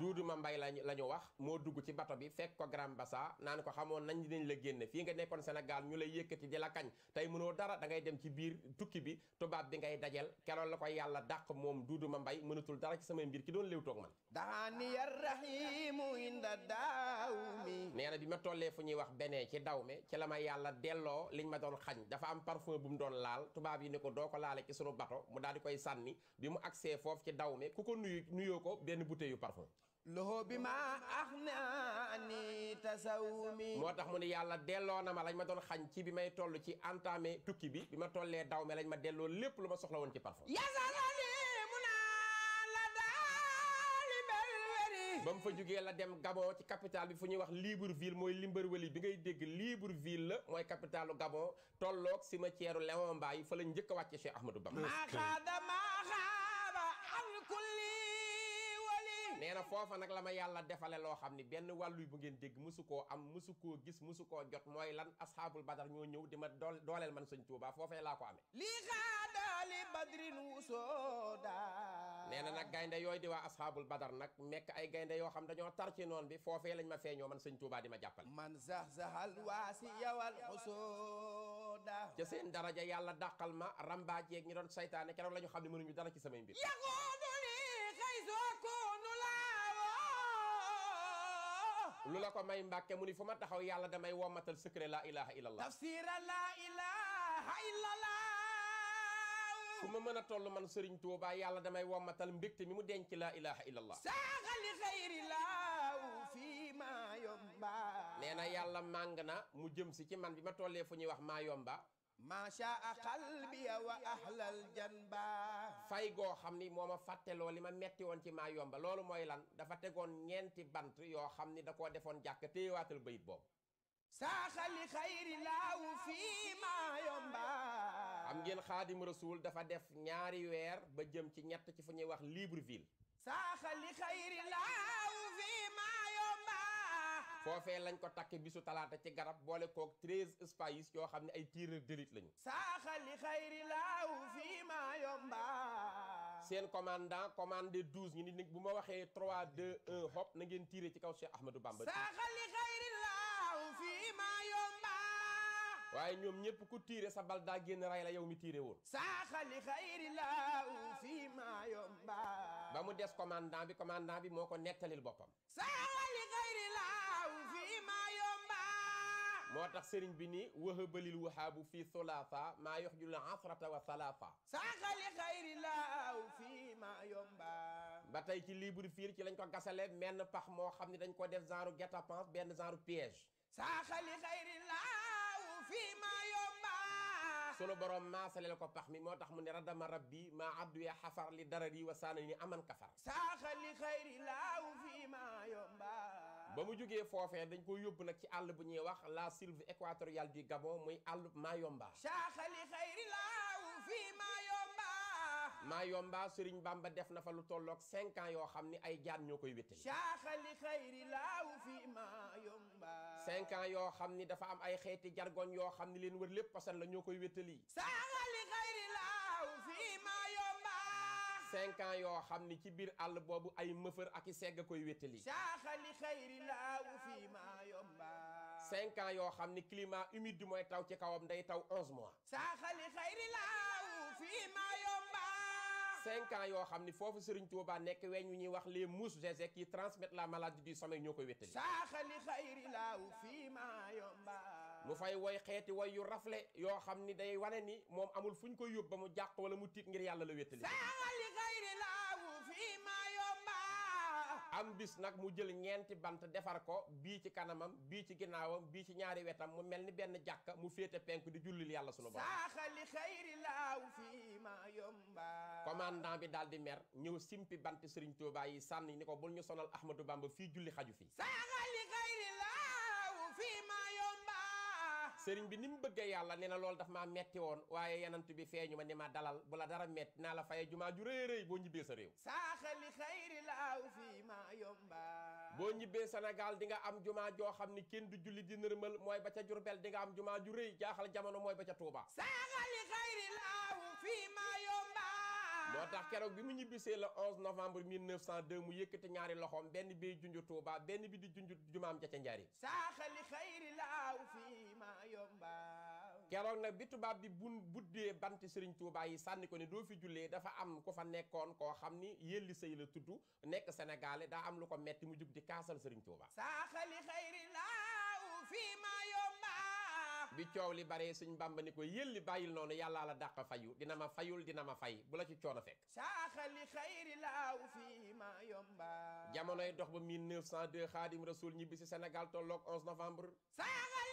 duudu ma mbay lañ la ñu wax moo dugg ci bato bi fekk ko Grand Bassa naan ko xamoon nañ dinañ la génne fii nga nekkoon Sénégal ñu lay yëkkati di kañ tey mënoo dara da dem ci biir tukki bi tubaab bi ngay dajel keroon la ko yàlla dàq moom duudu ma mbay mënatul dara ci samay mbir ki doon léew toog man daani ya rahimu inda daaw mi nee bi ma tollee fu ñuy wax benee ci daw me ci la ma yàlla delloo liñ ma doon xañ dafa am parfum bu mu doon laal tubaab yi ne ko doo ko laalee ci sunu bato mu daal di koy sànni bi mu agsee foofu ci daw me ku ko nuyu nuyoo ko benn bouteille yu parfum loxo bi ma ax na ni tasawumi moo tax mu ne yàlla delloo na ma lañ ma doon xañ ci bi may toll ci entamé tukki bi bi ma tollee daw me lañ ma delloo lépp lu ma soxla woon ci parfum ba mu fa jógee la dem Gabon ci capitale bi fu ñuy wax Libreville mooy Limberwely bi ngay dégg Libreville la mooy capitalu Gabon tolloog cimetière Léon Mbaye fa lañ njëkk a wàcce Cheikh Ahmadou kulli wali nee foofa nag la ma yàlla defale loo xam ni benn wàlluy bu ngeen dégg musu koo am musu koo gis musu jot mooy lan asxaabul badar ñoo ñëw di ma dool dooleel man sëñ Tuubaa foofee laa ko nag gaynde yooyu di waa asxaabul nag nekk ay gaynde yoo xam dañoo tar ci bi foofee lañ ma feeñoo man sëñ Tuubaa di ma jàppale man zaxzaxal waasiya wal usooda ca seen daraja yàlla dàqal ma rambaaj yeeg ñi doon saytaane keroog la ñu xam ne mënuñu dara ci samay mbir lu la ko may mbàkke mu ni fu ma taxaw yàlla damay womatal secret laa ilaha illallah tafsira ma mën a toll man sëriñ Tuuba yàlla damay womatal mbégte mi mu denc laa ilaha illallah saaxali xayri laaw fii maa yomba nee na yàlla màng na mu jëm si ci man bi ma tollee fu ñuy wax maa yomba maashaa qalbiya wa ahlal janba fay goo xam ni moo ma fàtteloo li ma metti woon ci maa yomba loolu mooy lan dafa tegoon ñeenti bant yoo xam ni da koo defoon jàkk téewaatal bayit boobu saaxali xayri laawu fii maa yomba am ngeen xaadim rasuul dafa def ñaari weer ba jëm ci ñett ci fu ñuy wax Libreville saaxali foofee lañ ko takk bisu talaata ci garab boole kook treize spahis yoo xam ne ay tireur d'élite lañu saaxali xayri laaw fii maa yomba seen commandant commandé douze ñu nit bu ma waxee trois deux un hop na ngeen tiré ci kaw Cheikh Ahmadou Bamba saaxali xayri laaw fii maa yomba waaye ñoom ñépp ku tiire sa bal génn ray la yow mi tiire woon saaxali yomba ba mu des commandant bi commandant bi moo ko nettalil boppam moo tax sëriñ bi ni wahabalil wahaabu fii sulaasa maa yox jul asrata wa salaasa saaxali xayrillaaw fii maa yomba ba tey ci fiir ci lañ ko gasale menn pax moo xam ne dañ ko def genre benn genre piège saaxali xayrillaaw fii maa sunu borom maasaleel ko pax mi moo tax mu ne radama rabbi maa abdu ya xafar li darari wa saanani aman kafar ba mu jógee foofee dañ ko yóbbu nag ci àll bu ñuy wax la sylve équatoriale du Gabon muy àll Mayomba. saaxali xayri laaw fii Mayomba. Mayomba Serigne Bamba def na fa lu tollook cinq ans yoo xam ni ay jaan ñoo koy wéttali. saaxali xayri laaw fii Mayomba. cinq ans yoo xam ni dafa am ay xeeti jargoñ yoo xam ni leen wër lépp pasan la ñoo koy wéttali. cinq ans yoo xam ni ci biir àll boobu ay mëfër ak i segg koy wétali. saaxali xayri laawu fii maa yomba. cinq ans yoo xam ni climat humide mooy taw ci kawam day taw onze mois. saaxali xayri laawu fii maa yomba. cinq ans yoo xam ni foofu Serigne Touba nekk weeñ wu ñuy wax les mousses zézek yi transmettre la maladie du sommeil ñoo koy wétali. mu fay woy xeeti woy yu rafle yoo xam ni day wane ni moom amul fu ñu koy yóbbu ba mu jàq wala mu tiit ngir yàlla la wéttali am bis nag mu jël ñeenti bant defar ko bii ci kanamam bii ci ginnaawam bii ci ñaari wetam mu mel ni benn jàkka mu féete penku di jullil yàlla sunu borom ma yomba commandant bi daal di mer ñëw simpi bant Serigne Touba yi sànni ni ko bul ñu sonal Ahmadou Bamba fii julli xaju fii sëriñ bi ni mu bëggee yàlla ne na loolu daf maa metti woon waaye yanant bi feeñu ma ni ma dalal bu la dara metti naa la faye jumaa ju rëy rëy boo ñibbee sa réew saaxali xayri laaw fii maa di nga am jumaa joo xam ne kenn du julli di nërmal mooy ba ca Jurbel dinga am jumaa ju rëy jaaxal jamono mooy ba ca Tuuba saaxali xayri laaw fii maa yomba moo tax keroog bi mu ñibbisee le 11 novembre 1902 mu yëkkati ñaari loxoom benn bi junj Tuuba benn bi di junj jumaam ja ca Njaari saaxali keroog nag bi tubaab bi bun buddee banti sëriñ Touba yi sànni ko ne doo fi jullee dafa am ku fa nekkoon koo xam ni yelli sëy la tudd nekk Sénégalais daa am lu ko metti mu jub di kaasal Serigne Touba. saaxali xayri laaw fii ma bi coow li baree suñ Bàmba ni ko yelli bàyyil noonu yàllaa la dàq fayu dina ma fayul dina ma fay bu la ci coono fekk. saaxali xayri jamonoy dox ba 1902 Xaadim Rasul ñibbi si Sénégal tolloog 11 novembre. saaxali.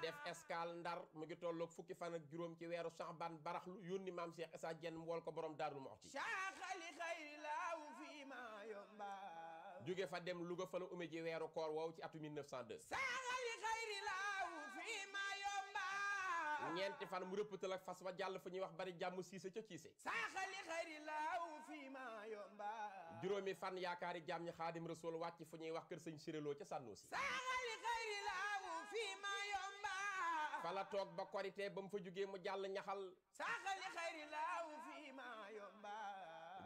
def escale ndar mu ngi tolloog fukki fan ak juróom ci weeru Saxbaan baraxlu yónni maam Cheikh Issa Diène mu wol ko borom Daaru Muxti jóge fa dem Louga fa la ume ji weeru koor woow ci atu 1902 ñeenti fan mu rëppatal ak fas wa jàll fu ñuy wax bari jàmm siise ca ciise saaxali xayri laaw fii ma yomba juróomi fan yaakaari jàmm xaadim rasul wàcc fu ñuy wax kër sëñ séréloo ca sànnoo si fala toog ba korité ba mu fa jugee mu jàll ñaxal saaxali xayri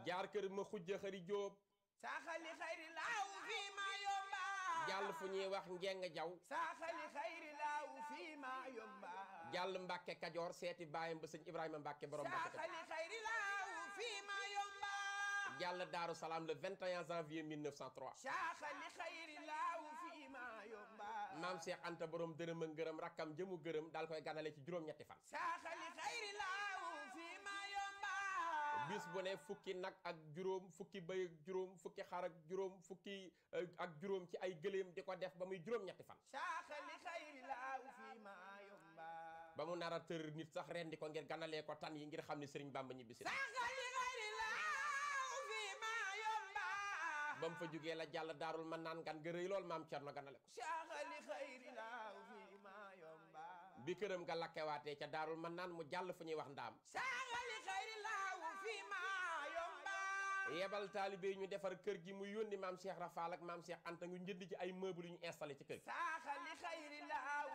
jaar kër ma xujja xëri jóob jàll fu ñuy wax njeng jaw saaxali xayri jàll mbàkke kajoor seeti baayam ba sëñ ibrahima mbàkke borom saaxali xayri laaw fii jàll daaru salaam maam Cheikh Anta borom dërëm ak gërëm rakkam jëmu gërëm daal koy ganale ci juróom-ñetti fan. bis bu ne fukki nag ak juróom fukki bëy ak juróom fukki xar ak juróom fukki eh, ak juróom ci ay gëléem di ko def ba muy juróom-ñetti fan. saaxali xayri ba mu nar tër nit sax rendi ko ngir ganalee ko tan yi ngir xam ni ne Serigne ba ñibbisi. saaxali xayri laaw fi ma yomba. ba mu fa jugee la jàll daarul man naan gan nga lool maam Thierno ganale ko. bi këram nga lakkewaatee ca daarul man naan mu jàll fu ñuy wax ndaam saaxali xayri laawu fi yebal taalibe ñu defar kër gi mu yónni maam Cheikh Rafal ak maam Cheikh Anta ñu njënd ci ay meuble yu ñu installé ci kër gi saaxali xayri laawu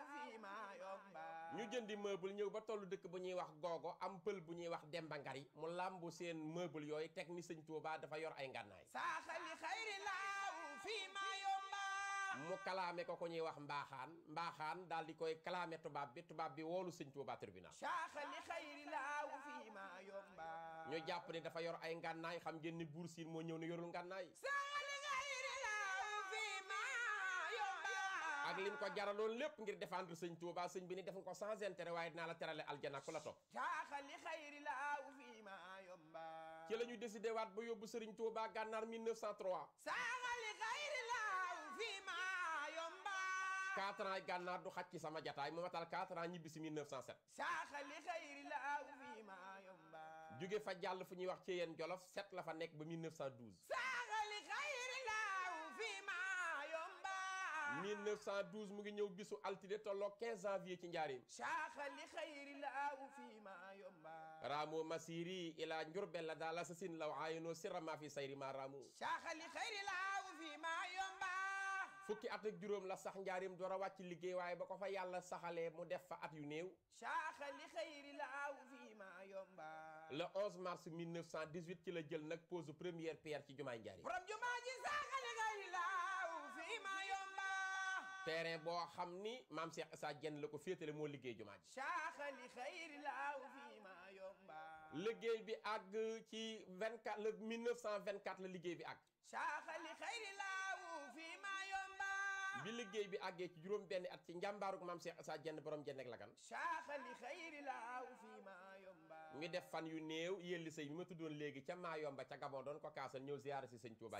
ñu jëndi meuble ñëw ba tollu dëkk bu ñuy wax googo am pël bu ñuy wax Demba Ngari mu làmbu seen meuble yooyu teg ni sëñ Touba dafa yor ay ngànnaay mu kalaame ko ko ñuy wax mbaaxaan mbaaxaan daal di koy kalaame tubaab bi tubaab bi woolu sëñ Tuubaa tribunal ñu jàpp ne dafa yor ay ngànnaay xam ngeen ni buur moo ñëw ne yorul ngànnaay ak ko jaraloon lépp ngir défendre sëñ Touba sëñ bi ni def nga waaye dinaa la terale aljana ku la topp caaxali xayri laaw fi ma yomba ci ñu décidé waat ba yóbbu sëriñ Touba gànnaar 1903 4 ans gànnaar du xaj ci sama jataay mu matal 4 ans ñibbi si 1907. saaxali xayri la aw fii maa yomba. jóge fa jàll fu ñuy wax ci yéen jolof 7 la fa nekk ba 1912. saaxali xayri la aw fii maa yomba. 1912 mu ngi ñëw bisu altine tolloo 15 janvier ci njaareem. saaxali xayri la aw fii maa yomba. Raamu Masiri ila Njurbel la daal la sa sin law aayinoo sirama fi sayri ma raamu. saaxali xayri la aw fii maa fukki at ak juróom la sax njaarim door a wàcc liggéey waaye ba ko fa yàlla saxalee mu def fa at yu néew saaxali xëyri laaw fii ma yomba le 11 mars ci la jël nag pose première pierre ci jumaay njaarim borom jumaa ji boo xam ni maam Cheikh Issa Dieng la ko féetale moo liggéey jumaa ji saaxali xëyri laaw fii ma yomba liggéey bi àgg ci 24 le 1924 la liggéey bi ak saaxali xëyri laaw bi liggéey bi àggee ci juróom benn at ci njàmbaaruk maam Cheikh Issa Diène borom Diène ak Lagane saaxali xayri laaw yomba ñu def fan yu néew yelli sëy mi ma tuddoon léegi ca maa yomba ca Gabon doon ko kaasal ñëw ziyaara si sëñ Touba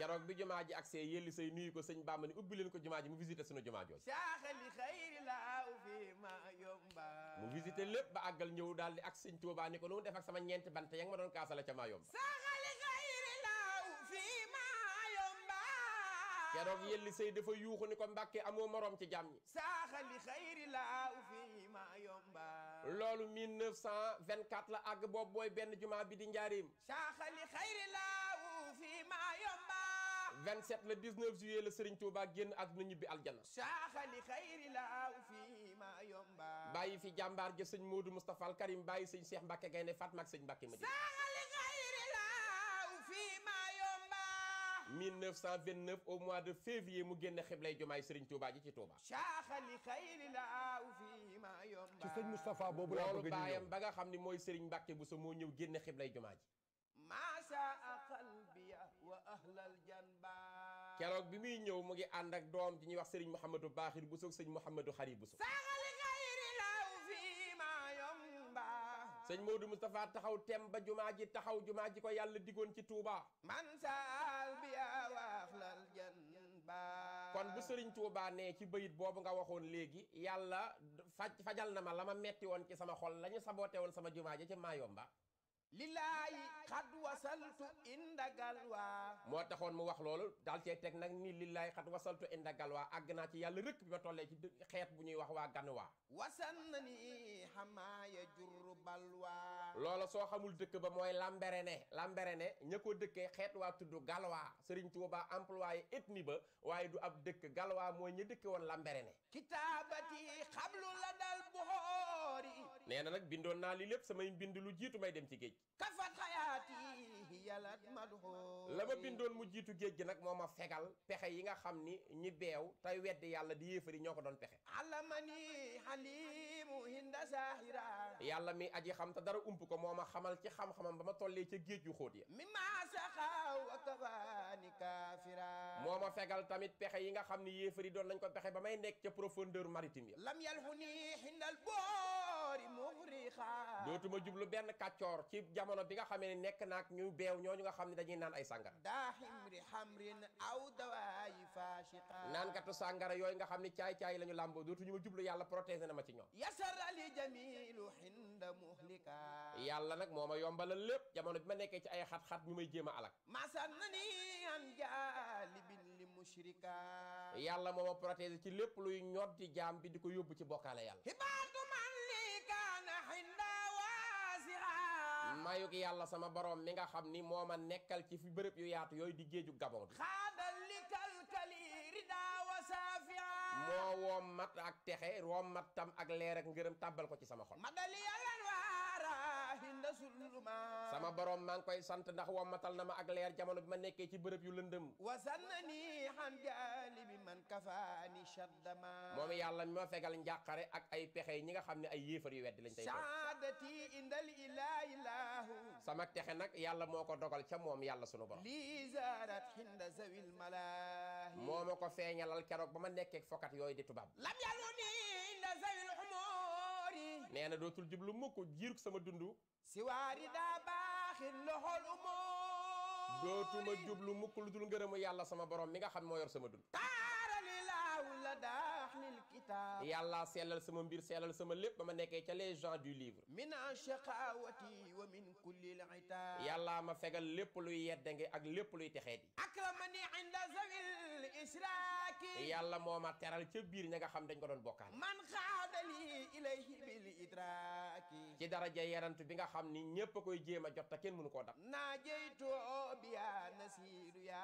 keroog bi jumaa ji ak see yelli say nuyu ko sëñ Bamba ni ubbi leen ko jumaa ji mu visité sunu jumaa jooju saaxali xayri laaw fi ma yomba mu visité lépp ba àggal ñëw daal di ak sëñ Touba ni ko lu mu def ak sama ñeenti bant ya ma doon kaasale ca maa yomba keroog yelli sëy dafa yuuxu ni ko mbàkke amoo moroom ci jàmm ñi saaxali xayri laa fi ma yomba loolu 1924 la ak boobu booy benn jumaa bi di njaareem saaxali xayri laa fi ma yomba 27 le 19 juillet la Serigne Touba génn àdduna ñibbi aljana saaxali xayri laa fi ma yomba bàyyi fi jàmbaar ja sëñ Modou Moustapha al Karim bàyyi sëñ Cheikh Mbacke Gaynde Fatma ak sëñ Mbacke ma 1929 au mois de février mu génn xiblay jumaay Serigne Touba ji ci Touba. caaxali xayri laaw fii ma yomba. ci sëñ Moustapha boobu laa bëgg loolu baayam ba nga xam ni mooy Serigne Mbacke Bousso moo ñëw génn xiblay jumaa ji. maasa qalbiya wa ahlal janba. keroog bi muy ñëw mu ngi ànd ak doom ji ñuy wax Serigne Mouhamadou Baaxir Bousso ak sëñ Mouhamadou Xari Bousso. caaxali xayri laaw fii ma yomba. sëñ Maodo Moustapha taxaw tem ba jumaa ji taxaw jumaa ji ko yàlla digoon ci Touba. man saa kon bu Serigne Touba nee ci bayit boobu nga waxoon léegi yàlla faj fajal na ma la ma metti woon ci sama xol la ñu saboote woon sama jumaa ja ci Mayomba lillaayi xad wasaltu indagal waa moo taxoon mu wax loolu daal cee teg nag ni lillaayi xad wasaltu indagal waa àgg naa ci yàlla rëkk bi ma tollee ci xeet bu ñuy wax waa gan waa wasan na ni xamaaya jurru bal waa loola soo xamul dëkk ba mooy Lambaréné Lambaréné ña ko dëkkee xeet waa tudd galwaa Sëriñ Tuuba employé ethnie ba waaye du ab dëkk galwaa mooy ña dëkkee woon Lambaréné kitaabati xablu la dal boxo nee na nag bindoon naa li lépp samay mbind lu jiitu may dem ci géej gi kafat xayaati yalat madho la bindoon mu jiitu géej gi nag moo ma fegal pexe yi nga xam ni ñi beew tey weddi yàlla di yéefari ñoo ko doon pexe alamani xalimu hinda mi aji xam te dara ump ko moo ma xamal ci xam-xamam ba ma tollee ca géej yu xóot ya mi masaxaw akabani kafira moo ma fegal tamit pexe yi nga xam ni yéefari doon nañ ko pexe ba may nekk ca profondeur maritim ya lam yalxuni hindal boo xaar dootuma jublu benn kàccoor ci jamono bi nga xamee ne nekk naak ñu beew ñooñu nga xam ne dañuy naan ay sàngara daa ximri xamrin aw dawaayi faasiqa naankatu sàngara yooyu nga xam ne caay-caay la ñu làmboo dootuñu ma jublu yàlla protégé na ma ci ñoom yasarali jamilu xinda muhlika yàlla nag moo ma yombalal lépp jamono bi ma nekkee ci ay xat-xat ñu may jéem a alak masan nani an jaalibin li mushrika yàlla moo ma ci lépp luy ñoddi jaam bi di ko yóbbu ci bokkaale yàlla mayuk yàlla sama borom mi nga xam ni moo ma nekkal ci fi bërëb yu yaatu yooyu di géeju gabon bi moo woom mat ak texe woom matam ak leer ak ngërëm tàbbal ko ci sama xol madali sama borom maa ngi koy sant ndax wommatal na ma ak leer jamono bi ma nekkee ci bërëb yu lëndëm wasannani an janibi man kafaani shaddama moom yàlla mi ma fegal njàqare ak ay pexe ñi nga xam ne ay yéefar yu weddi lañ tey saadati indal texe nag yàlla moo ko dogal ca moom yàlla sunu borom lii zaarat xinda zawil malaahi moo ma ko feeñalal keroog ba ma nekkee fokat yooyu di tubaab nee na dootul jublu mukk jiiruk sama dundu si waari daa baaxin loxol umoor dootuma jublu mukk lu dul ngërëmu yàlla sama borom mi nga xam moo yor sama dund kitab yàlla sellal sama mbir seelal sama lépp ba ma nekkee ca les gens du livre min shaqawati wa min kulli al-itab ma fegal lépp luy yeddange ak lépp luy texee di akramani inda yàlla moo ma teral ca biir ña nga xam dañ ko doon bokkaal man xaadali ilayhi bil idraki ci daraja yarantu bi nga xam ni ñépp koy jéem a jot te kenn mënu koo dab naa jeytu biya ya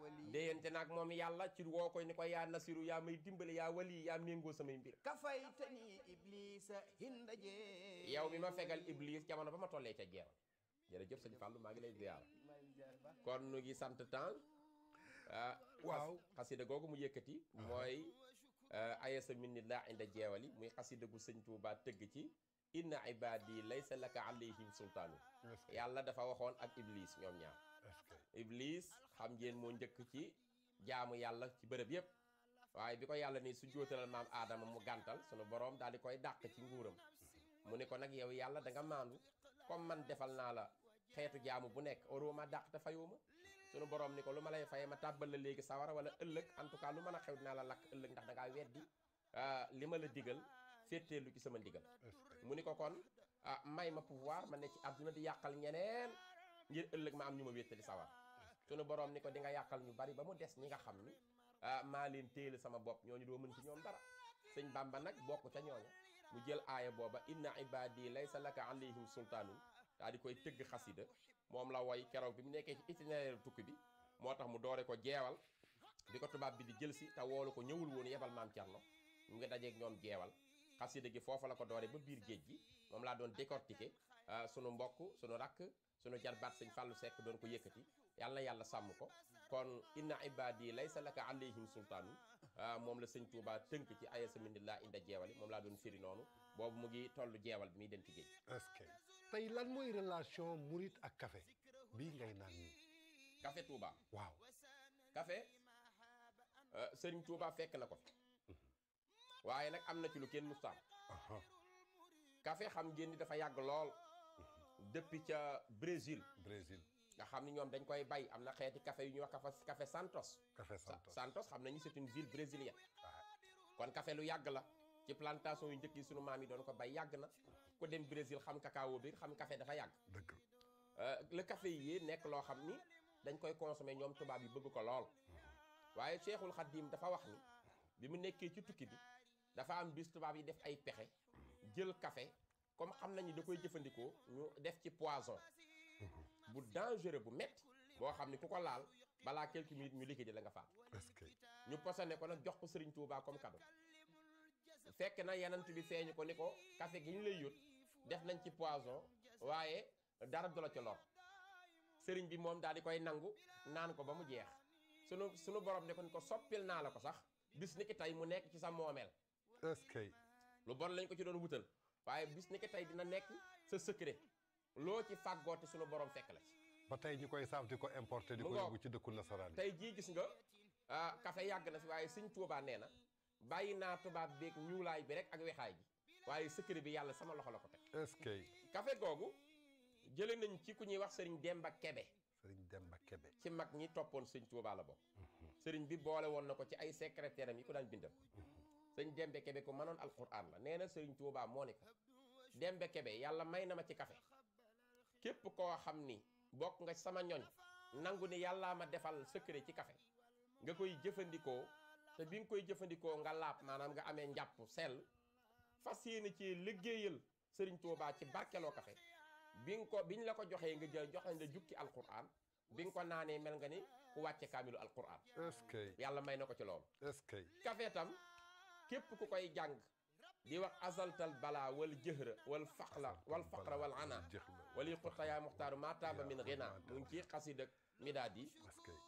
wali déyante nag moom yàlla ci woo koy ni ko yaa nasiru yaa may dimbale yaa wali yaa méngoo samay mbir kafaytani iblisa hindaje yow mi ma fegal iblis jamono ba ma tollee ca jeer jërëjëf sëñ Fallou maa ngi lay ziar kon nu ngi sant temps ah, waaw xasida googu mu yëkkati mooy ah, ayasa minillah inda jeewali muy xasida gu sëñ Tuuba tëgg ci inna ibadi laysa laka alayhim sultaanu yàlla dafa waxoon ak iblis ñoom ñaar iblis xam ngeen moo njëkk ci jaamu yàlla ci bërëb yépp waaye bi ko yàlla nii su jóotalal maam aadama mu gàntal sunu boroom daal di koy dàq ci nguuram mu ni ko nag yow yàlla danga nga maandu comme man defal naa la xeetu jaamu bu nekk oroo ma dàq te fayoo ma sunu boroom ni ko lu ma lay faye ma tàbbal la léegi sawara wala ëllëg en tout cas lu mën a xew dinaa la lakk ëllëg ndax da ngaa weddi ah, li ma la digal féeteelu ci sama ndigal mu ni ko kon ah, may ma pouvoir ma ne ci àdduna di yàqal ñeneen ngir ëllëg ma am ñu ma wéttali sawar sunu boroom ni ko di nga yàqal ñu bari ba mu des ñi nga xam ni ah maa leen téele sama bopp ñooñu doo mën ci ñoom dara sëñ baam ba nag bokk ca ñooña mu jël aaya booba inna ibadi laysa laka alayhim sultaanun daal di koy tëgg xasida moom la woy keroog bi mu nekkee ci itinéraire tukki bi moo tax mu doore ko jeewal bi ko tubaab bi di jël si te woolu ko ñëwul woon yebal maam Thierno mu ngi dajeeg ñoom jeewal xasida gi foofa la ko doore ba biir géej gi moom laa doon décortiquer ah, sunu mbokk sunu rakk sunu jarbaat sëñ Fallou Seck doon ko yëkkati yàlla yàlla sàmm ko kon inna ibadi laysa laka alayhim sultaanu ah, moom la sëñ Touba tënk ci ayasamindilaa inda jeewali moom laa doon firi noonu boobu mu ngi tollu jeewal bi muy dem ci géej tey lan mooy relation murit ak café bii ngay naan nii café Touba waaw café ah, sëriñ Touba fekk na ko waaye nag am na ci lu kenn mustaam kafe xam ngeen dafa yàgg lool mhm. depuis ca Brésil Brésil nga xam ni ñoom dañ koy bay am na xeeti café yu ñuy wax café café Santos. café Santos Santos xam nañu c'est une ville brésilienne. Ah. kon kafe lu yàgg la. ci plantation yu njëkk yi sunu maam yi doon ko bay yàgg na ku dem Brésil xam cacao bi xam café dafa yàgg. dëgg euh, le café yi nekk loo xam ni dañ koy consommer ñoom tubaab yi bëgg ko lool. Mm-hmm. waaye Cheikhul Khadim dafa wax ni bi mu nekkee ci tukki bi dafa am bis tubaab yi def ay pexe jël kafe comme xam nañu da koy jëfandikoo ñu def ci poison bu dangereux bu metti boo xam ne ku ko laal balaa quelques minutes ñu liquider la nga faat ñu posone ko nag jox ko Serigne Touba comme cadeau fekk na yanant bi feeñu ko ni ko café gi ñu lay yót def nañ ci poison waaye dara du la ca lor sëriñ bi moom daal di koy nangu naan ko ba mu jeex su sunu boroom ne ko ni ko soppil naa la ko sax bis ni mu nekk ci sa moomeel est-ce que lu bon lañ ko ci doon wutal waaye bis ni dina nekk sa secret loo ci fàggoote sunu borom fekk la ci. ba tey ñi koy saaf di ko importe di ko yóbbu ci dëkku nasaraan tey jii gis nga. kafe ah, yàgg na si waaye sëñ Tuubaa nee na bàyyi naa tubaab beeg ñuulaay bi rek ak wexaay gi waaye secret bi yàlla sama loxo la ko teg. est-ce que. kafe googu jëlee nañ ci ku ñuy wax sëriñ Demba Kebe. sëriñ Demba Kebe. ci mag ñi toppoon sëñ Tuubaa la bokk. Mhm. sëriñ bi boole woon na ko ci ay secrétaire am yi ko daan bindal. Mhm. sëñ Demba Kebe ku mënoon alquran nee na sëriñ Tuubaa moo ne ko yàlla may na ma ci kafe. képp koo xam ni bokk nga sama ñoñ nangu ni yàllaa ma defal secret ci kafe nga koy jëfandikoo te bi nga koy jëfandikoo nga laab maanaam nga amee njàpp sel fas yéene ci liggéeyal sëriñ Touba ci barkeloo kafe bi nga ko biñ la ko joxee nga jël jox nañ la jukki alquran bi nga ko naanee mel nga ni ku wàcce kaamilu alquran est yàlla may na ko ci loolu est tam képp ku koy jàng di wax azaltal bala wal jëhra wal faqla wal wal ana wali xutta yaa muxtaaru maa taaba min ghina mu ngi ci xasida ak midaad yi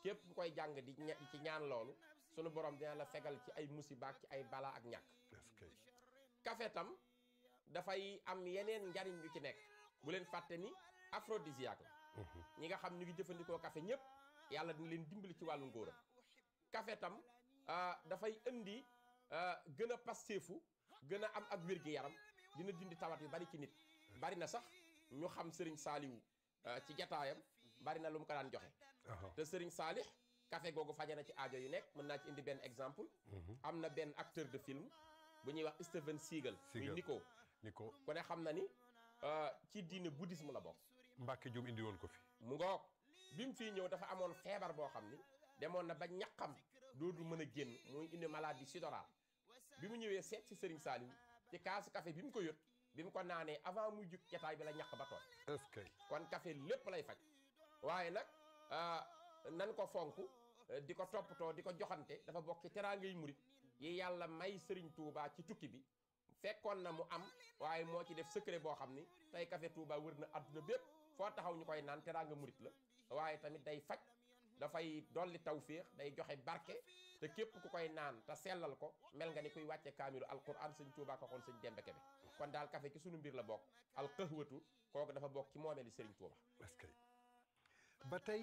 képp ku koy jàng di ci ñaan loolu sunu borom dina la fegal ci ay musiba ak ci ay balaa ak ñàkk kafe tam dafay am yeneen njariñ yu ci nekk bu leen fàtte ni aphrodisiaque la mhm. ñi nga xam ñu ngi jëfandikoo kafe ñëpp yàlla dina leen dimbali ci wàllu ngóoram kafe tam ah, dafay indi ah, gën a passeefu gën a am ak wér yaram dina dindi tawat yu bari ci nit bari na sax ñu xam Serigne Saliou euh, ci jataayam bari na lu mu ko daan joxe. Uh-huh. te Serigne Salih café googu faje na ci aajo yu nekk mën naa ci indi benn exemple. Uh-huh. am na benn acteur de film bu ñuy wax Steven Seagal. Seagal muy Nico Nico ku ne xam na ni euh, ci diine bouddhisme la bokk. Mbacke Dioum indi ko fi. mu ngoog bi mu fii ñëw dafa amoon feebar boo xam ni demoon na ba ñaqam dootul mën a génn muy indi maladie sudorale bi mu ñëwee seet si Serigne Saliou ci kaasu kafe bi mu ko yot bi mu ko naanee avant muy jug jataay bi la ñàkk ba toog est-ce que kon café lépp lay faj waaye nag euh, nan ko fonk euh, di ko toppatoo di ko joxante dafa bokk ci teraangay murit yi yàlla may Serigne tuubaa ci tukki bi fekkoon na mu am waaye moo ci def secret boo xam ni tey kafe Touba wër na adduna bépp foo taxaw ñu koy naan teraanga murit la waaye tamit day faj dafay dolli tawféex day joxe barke te képp ku koy naan te sellal ko mel nga ni kuy wàcce kaamilu alquran sëñ Tuubaa ko xoon sëñ Demba Kebe kon daal café ci sunu mbir la bokk alqahwatu kooku dafa bokk ci moomeli sëriñ Tuuba ba tey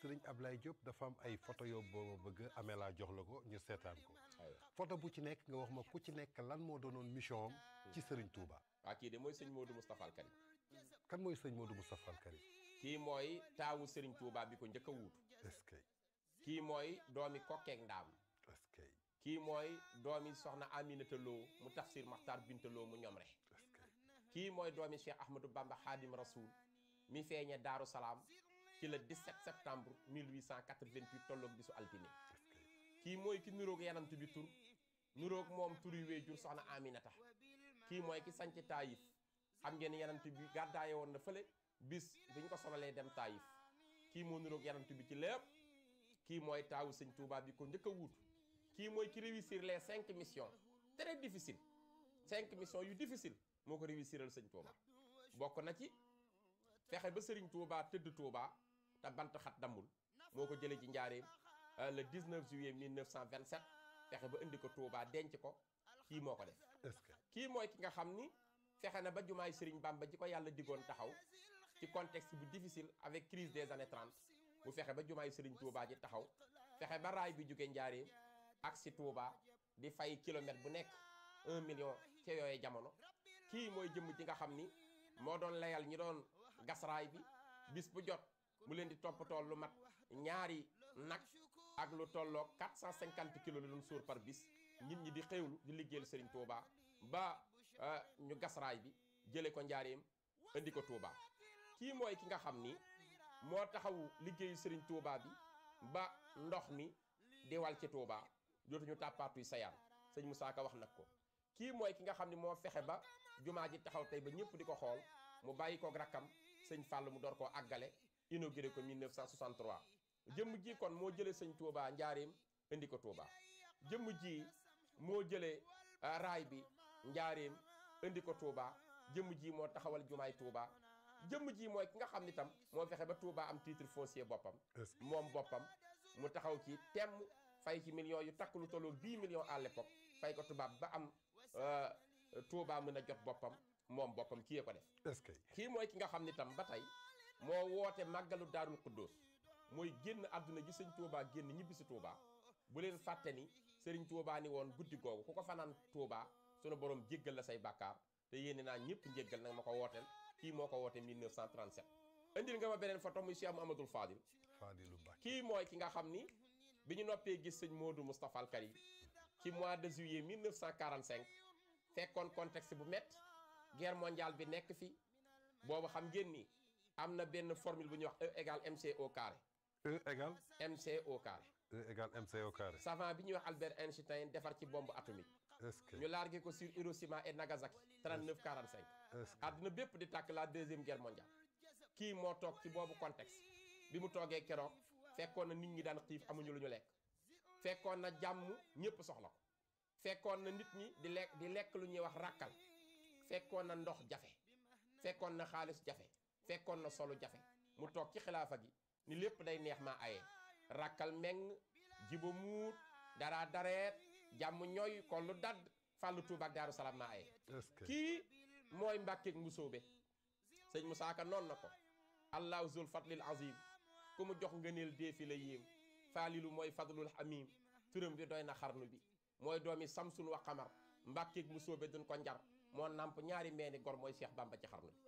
sëriñ laay Diop dafa am ay photo yoo booba bëgg amee laa jox la ko ñu seetaan ko photo bu ci nekk nga wax ma ku ci nekk lan moo doonoon mission ci sëriñ Tuuba waa ah, kii de mooy sëñ moo du Al Karim kan mooy sëñ Modou Moustapha Al Karim kii mooy taawu sëriñ Tuuba bi njëkk a wuutu kii mooy doomi kokkeek ndaam kii mooy doomi soxna Aminata Lo mu tafsir Maxtaar Binta Lo mu ñoom kii mooy doomi Cheikh Ahmadou Bamba Xaadim Rasoul mi feeñe Daaru Salaam ci le 17 septembre 1888 tolloog bisu altine kii mooy ki nuroog yanant bi tur nuroog moom turi wéejur soxna Aminata kii mooy ki sanc Taayif xam ngeen yanant bi gàddaaye woon na fële bis bi ñu ko solalee dem Taayif kii moo nuroog yanant bi ci lépp kii mooy taawu sëñ Touba bi ko njëkk a wuutu kii mooy ki réussir les cinq missions très difficile cinq missions yu difficile moo ko réussiral sëñ Touba bokk na ci fexe ba sëriñ Touba tëdd Touba te bant xat dammul moo ko jëlee ci njaareem euh, le 19 vingt 1927 fexe ba indi ko Touba denc ko kii moo ko def. est que kii mooy ki nga xam ni fexe na ba jumaay sëriñ Bamba ji ko yàlla diggoon taxaw ci contexte bu difficile avec crise des années 30. bu fexe ba jumaay Serigne Touba ji taxaw fexe ba raay bi jóge njaareem ak si Touba di fay kilomètre bu nekk un million ce yooyu jamono kii mooy jëmm ci nga xam ni moo doon layal ñi doon gas bi bis bu jot mu leen di toppatoo lu mat ñaari nag ak lu tolloo 450 kilos lu doon suur par bis nit ñi di xéewlu di liggéeyal Serigne Touba ba euh, ñu gas bi jële ko njaareem indi ko Touba kii mooy ki nga xam ni moo taxawu liggéeyu sëriñ Touba bi ba ndox mi di wal ci Touba dootuñu tàppaatuy sayaan sëñ Moussa Ka wax nag ko kii mooy ki nga xam ni moo fexe ba jumaa ji taxaw tey ba ñëpp di ko xool mu bàyyi koog rakkam sëñ Fall mu door ko àggale inauguré ko 1963 jëmm ji kon moo jëlee sëñ Touba njaareem indi ko Touba jëmm ji moo jëlee ah, raay bi njaareem indi ko Touba jëmm ji moo taxawal jumaay tuubaa jëmm ji mooy ki nga xam ni tam moo fexe ba Touba am titre foncier boppam. moom boppam mu taxaw ci temm fay ci millions yu takk lu tolloo 10 millions à l'époque fay ko tubaab ba am euh, Touba mën a jot boppam moom boppam kii yee ko def. que kii mooy ki nga xam ni tam ba tey moo woote màggalu Daarul Xuddoos mooy génn àdduna ji sëñ Touba génn ñibbi si Touba bu leen fàtte ni sëriñ Touba ni woon guddi googu ku ko fanaan Touba sunu borom jéggal la say bàkkaar te yéene naa ñëpp njéggal nag ma ko wooteel. kii moo ko woote 1937. indil nga ma beneen photo muy Cheikh Mouhamadoul Fadil. Fadilou Mbacké kii mooy ki nga xam ni bi ñu noppee gis sëñ Modou Moustapha Al ci mois de juillet 1945 fekkoon contexte bu métti guerre mondiale bi nekk fi boobu xam ngeen ni am na benn formule bu ñu wax E égale MC au carré. E égale. au carré. E égale savant bi ñuy wax Albert Einstein defar ci bombe atomique. ñu largué ko sur Hiroshima et Nagasaki 39 45. àdduna bépp di tàkk la deuxième guerre mondiale. kii moo toog ci boobu contexte bi mu toogee keroog fekkoon na nit ñi daan xiif amuñu lu ñu lekk. fekkoon na jàmm ñépp soxla fekkoon na nit ñi di lekk lu ñuy wax ràkkal. fekkoon na ndox jafe. fekkoon na xaalis jafe. fekkoon na solu jafe. mu toog ci xilaafa gi ni lépp day neex maa aye rakkal meng jiba muut daraa dareet jàmm ñooy kollu dadd fàllu Touba ak Daaru Salaam maa aye kii mooy mbàkkeeg mbusoobe sëñ Moussa Ka noonu na ko allahu zul fadlil azim ku mu jox ngëneel dee la yéem faalilu mooy fadlul amim turam bi doy na xarnu bi mooy doomi samsun wa xamar mbàkkeeg mbusoobe duñ ko njar moo namp ñaari meeni gor mooy Cheikh Bamba ci xarnu bi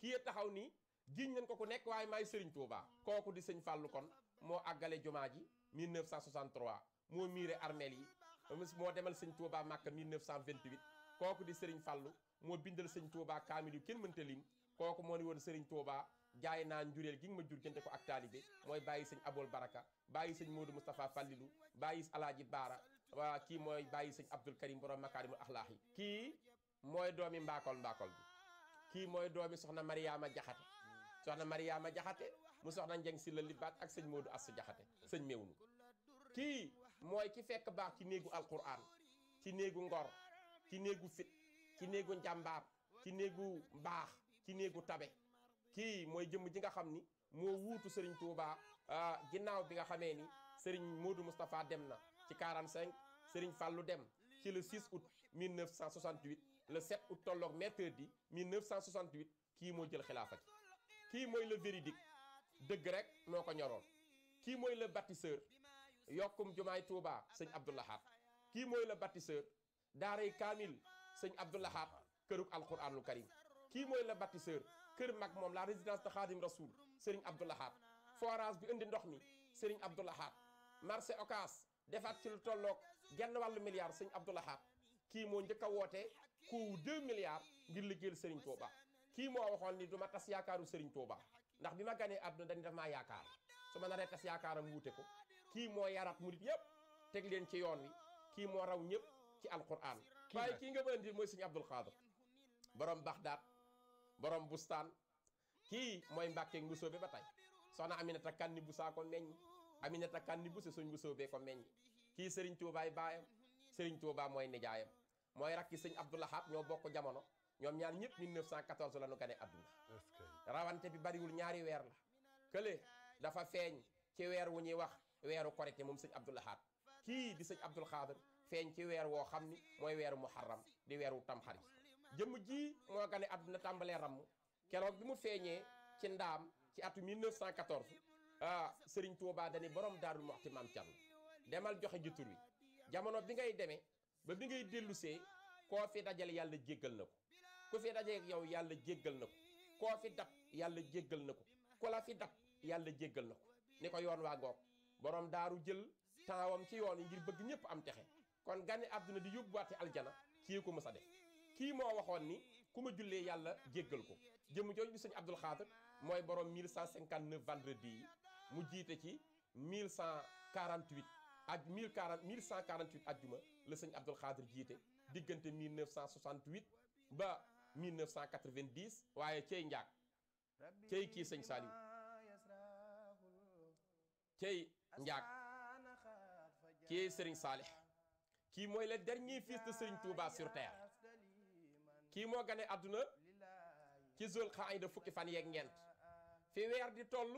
kii taxaw nii giñ nañ ko ku nekk waaye maay sëriñ Touba kooku di sëñ fàllu kon moo àggale jumaa ji 1963 moo miire armeel yi moo demal sëñ Touba Màkka 1928 kooku di Serigne Fallou moo bindal sëñ Touba kaamil yu kenn mënta lim kooku moo ni woon Serigne Touba jaay naa njureel gi ma jur jënte ko ak taalibe mooy bàyyi sëñ abool Baraka bàyyi sëñ Modou Moustapha Fallilou bàyyi Alaaji Baara waa kii mooy bàyyi sëñ Abdoul Karim borom makaarimul axlaax yi kii mooy doomi mbaakol mbaakol bi kii mooy doomi soxna Mariama Jaxate soxna Mariama Jaxate mu soxna Njeng si la libaat ak sëñ Modou Assu Jaxate sëñ Mewnu kii mooy ki fekk baax ci néegu alquran ci néegu ngor ci néegu fit ci néegu njàmbaar ci néegu mbaax ci néegu tabe kii mooy jëmm ji nga xam ni moo wuutu Serigne Touba ah, ginnaaw bi nga xamee ni Serigne Modou Moustapha dem na ci 45 Serigne Fallou dem ci le 6 août 1968 le 7 août tolloog mercredi 1968 kii moo jël xilaafa gi kii mooy le véridique dëgg rek moo ko ñoroon kii mooy le bâtisseur yokkum jumaay Touba sëñ Abdoulahat kii mooy la bâtisseur daaray Kaamil sëñ Abdoulahat këruk alquranul karim kii mooy la bâtisseur kër mag moom la résidence de Khadim Rasoul sëriñ Abdoulahat forage bi indi ndox mi sëriñ Abdoulahat marché Ocass defaat ci lu tolloog genn wàllu milliard sëñ Abdoulahat kii moo njëkk a woote ku 2 milliards ngir liggéeyal sëriñ Touba kii moo waxoon ni du ma tas yaakaaru sëriñ Touba ndax bi ma ganee àdduna dañ daf maa yaakaar su ma naree tas yaakaaram wuute ko kii moo yaraat murit yëpp teg leen ci yoon wi kii moo raw ñëpp ci alquran waaye kii nga ma indi mooy sëñ Abdul Xaadir borom Baxdaad borom Bustaan kii mooy Mbàkke Mbusoo be ba tey soxna Aminata Kanni Busaa ko meññ Aminata Kanni Busa suñ Mbusoo be ko meññ kii Serigne Touba baayam Serigne Touba mooy nijaayam mooy rakki sëñ Abdou Lahad ñoo bokk jamono ñoom ñaar ñëpp 1914 la ñu gane àdduna rawante bi bariwul ñaari weer la kële dafa feeñ ci weer wu weeru korite moom sëñ Abdou Lahad kii di sëñ Abdul Xaadir feeñ ci weer woo xam ni mooy weeru muharram di weeru tamxarit jëmm ji moo gane àdduna tàmbalee ramm keroog bi mu feeñee ci ndaam ci atu 1914 ah Serigne Touba dani borom daarul moxti maam Thierno demal joxe ji tur wi jamono bi ngay demee ba bi ngay dellusee koo fi dajal yàlla jéggal na ko ku fi daje yow yàlla jéggal na ko koo fi dab yàlla jéggal na ko ku la fi dab yàlla jéggal na ko ni ko yoon waa borom daaru jël tempsam ci yoon yi ngir bëgg ñëpp am texe kon gane àdduna di yóbbuwaate aljana kii ko mës def kii moo waxoon ni ku ma jullee yàlla jéggal ko jëm jooju di sëñ Abdul Xaadir mooy borom 1159 vendredi yi mu jiite ci 1148 ak 1040 1148 ajjuma la sëñ Abdul Xaadir jiite diggante 1968 ba 1990 waaye cey njaag cey kii sëñ Saliou njaag kii Serigne Salih kii mooy le dernier fils de Serigne Touba sur terre kii moo gane àdduna ci zul xaayda fukki fan yeeg ñeent fi weer di toll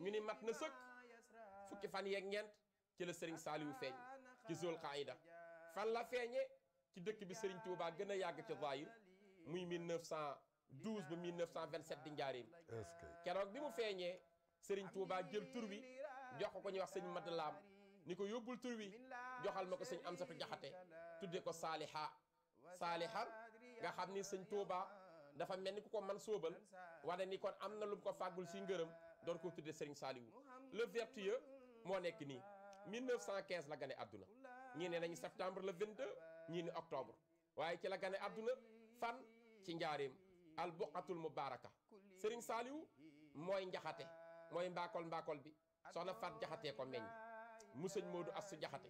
ñu ni mat na sëkk fukki fan yeeg ñeent ci la Serigne Saliou feeñ ci zul xaayda fan la feeñe ci dëkk bi Serigne Touba gën a yàgg ci Zahir muy 1912 ba 1927 di njaareem. keroog bi mu feeñee Serigne Touba jël tur wi. jox ko ko ñuy wax sëñ Mad Laam ni ko yóbbul tur wi joxal ma ko sëñ am Amsatu Jaxate tudde ko saaliha saaliha nga xam ni sëñ Tuuba dafa mel ni ko ko man sóobal wane ni kon am na lu mu ko fàggul si ngërëm doon ko tudde sëriñ Saaliwu le vertueux moo nekk nii 1915 la gane àdduna ñii ne nañu septembre le 22 ñii ni octobre waaye ci la gane àdduna fan ci njaareem al buqatul mubaraka sëriñ Saaliwu mooy njaxate mooy mbaakol mbaakol bi soxna Faat Jaxate ko meññ mu sëñ Moodu Astu Jaxate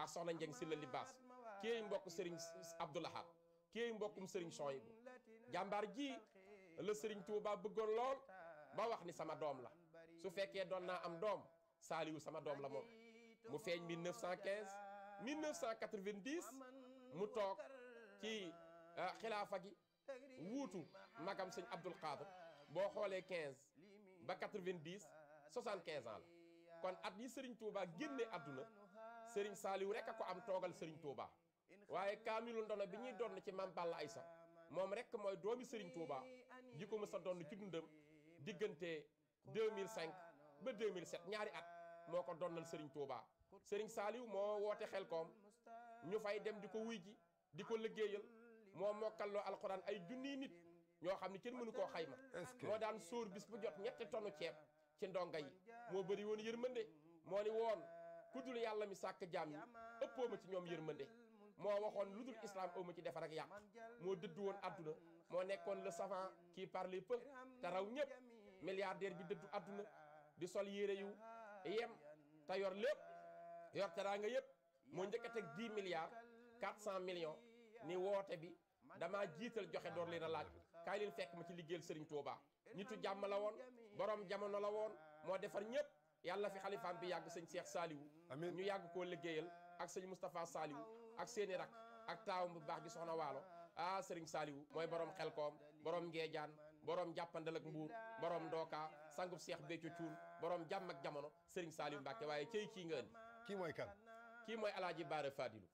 ak soxna Njeng si la libaas kii mbokk sëriñ Abdoulahat kii mbokkum sëriñ Soyibu jàmbaar ji la sëriñ Tuubaa bëggoon lool ba wax ni sama doom la su fekkee doon naa am doom saaliwu sama doom la moom mu feeñ 1915 1990 mu toog ci euh, xilaafa gi wuutu magam sëñ Abdul Qadir boo xoolee 15 ba 90 75 ans la kon at yi Serigne Touba génne àdduna Serigne Saliou rek a ko am toogal Serigne Touba waaye kaamilu ndono bi ñuy donn ci Mame ay sax moom rek mooy doomi Serigne Touba ji ko mës a donn ci dundam diggante 2005 ba 2007 ñaari at moo ko donnal Serigne Touba Serigne Saliou moo woote xel koom ñu fay dem di ko wuy ji di ko liggéeyal moo mokkalloo alxuraan ay junniy nit ñoo xam ne kenn mënu koo xayma moo daan sóor bis bu jot ñetti tonu ceeb ci ndonga yi moo bëri woon yërmande moo ni woon ku dul yàlla mi sàkk jaam yi ëppoo ma ci ñoom yërmande moo waxoon lu dul islam ëw ma ci defar ak yàq moo dëddu woon àdduna moo nekkoon le savant qui parle peu te raw ñëpp milliardaire bi dëddu àdduna di sol yére yu yem ta yor lépp yor teraanga yëpp moo njëkk a teg 10 milliards 400 millions ni woote bi damaa jiital joxe door leen a laaj kaay leen fekk ma ci liggéeyal Serigne Touba. nitu jàmm la woon boroom jamono la woon moo defar ñëpp yàlla fi xalifaam bi yàgg sëñ Cheikh Saliou ñu yàgg koo liggéeyal ak sëñ Moustapha Saliou ak seeni rak ak taawam bu baax gi soxna waalo ah sëriñ Saliou mooy boroom xelkoom borom ngeejaan borom jàppandal ak mbuur borom ndooka sangub seex Béthio Thioune borom jàmm ak jamono sëriñ Saliou Mbacke waaye cey kii nga andi kii mooy kan kii mooy alaaji Baara Fadilu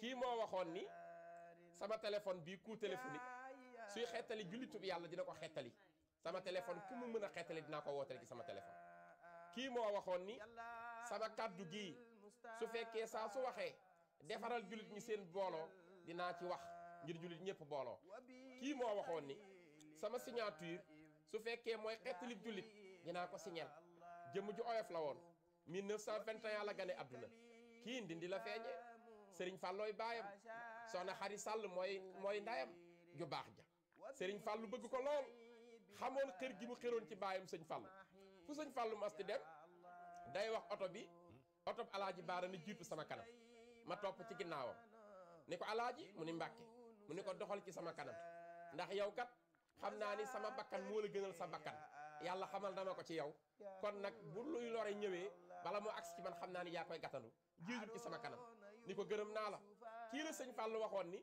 kii moo waxoon ni sama téléphone bii coup téléphonique suy xettali jullitub yàlla dina ko xettali sama téléphone ku mu mën a xettali dinaa ko wootale ci sama téléphone kii moo waxoon ni sama kàddu gii su fekkee saa su waxee defaral jullit ñi seen booloo dinaa ci wax ngir jullit ñëpp booloo kii moo waxoon ni sama signature su fekkee mooy xettali jullit naa ko signal jëmm ju oyof la woon 1921 la gane àdduna kii ndindi la feeñee sëriñ fàllooy baayam soxna xari sàll mooy mooy ndayam ju baax ja sëriñ fàllu bëgg ko lool xamoon xër gi mu xëroon ci baayam sëñ fàllu fu sëñ fàllu mas di dem day wax oto bi oto bi alaaji baara na jiitu sama kanam ma topp ci ginnaawam ni ko alaaji mu ni mbàkke mu ni ko doxal ci sama kanam ndax yow kat xam naa ni sama bakkan moo la gënal sa bakkan yàlla xamal dama ko ci yow kon nag bu luy lore ñëwee bala moo agsi ci man xam naa ni yaa koy gàttandu jiitu ci sama kanam ni ko gërëm naa la kii la sëñ Fallou waxoon ni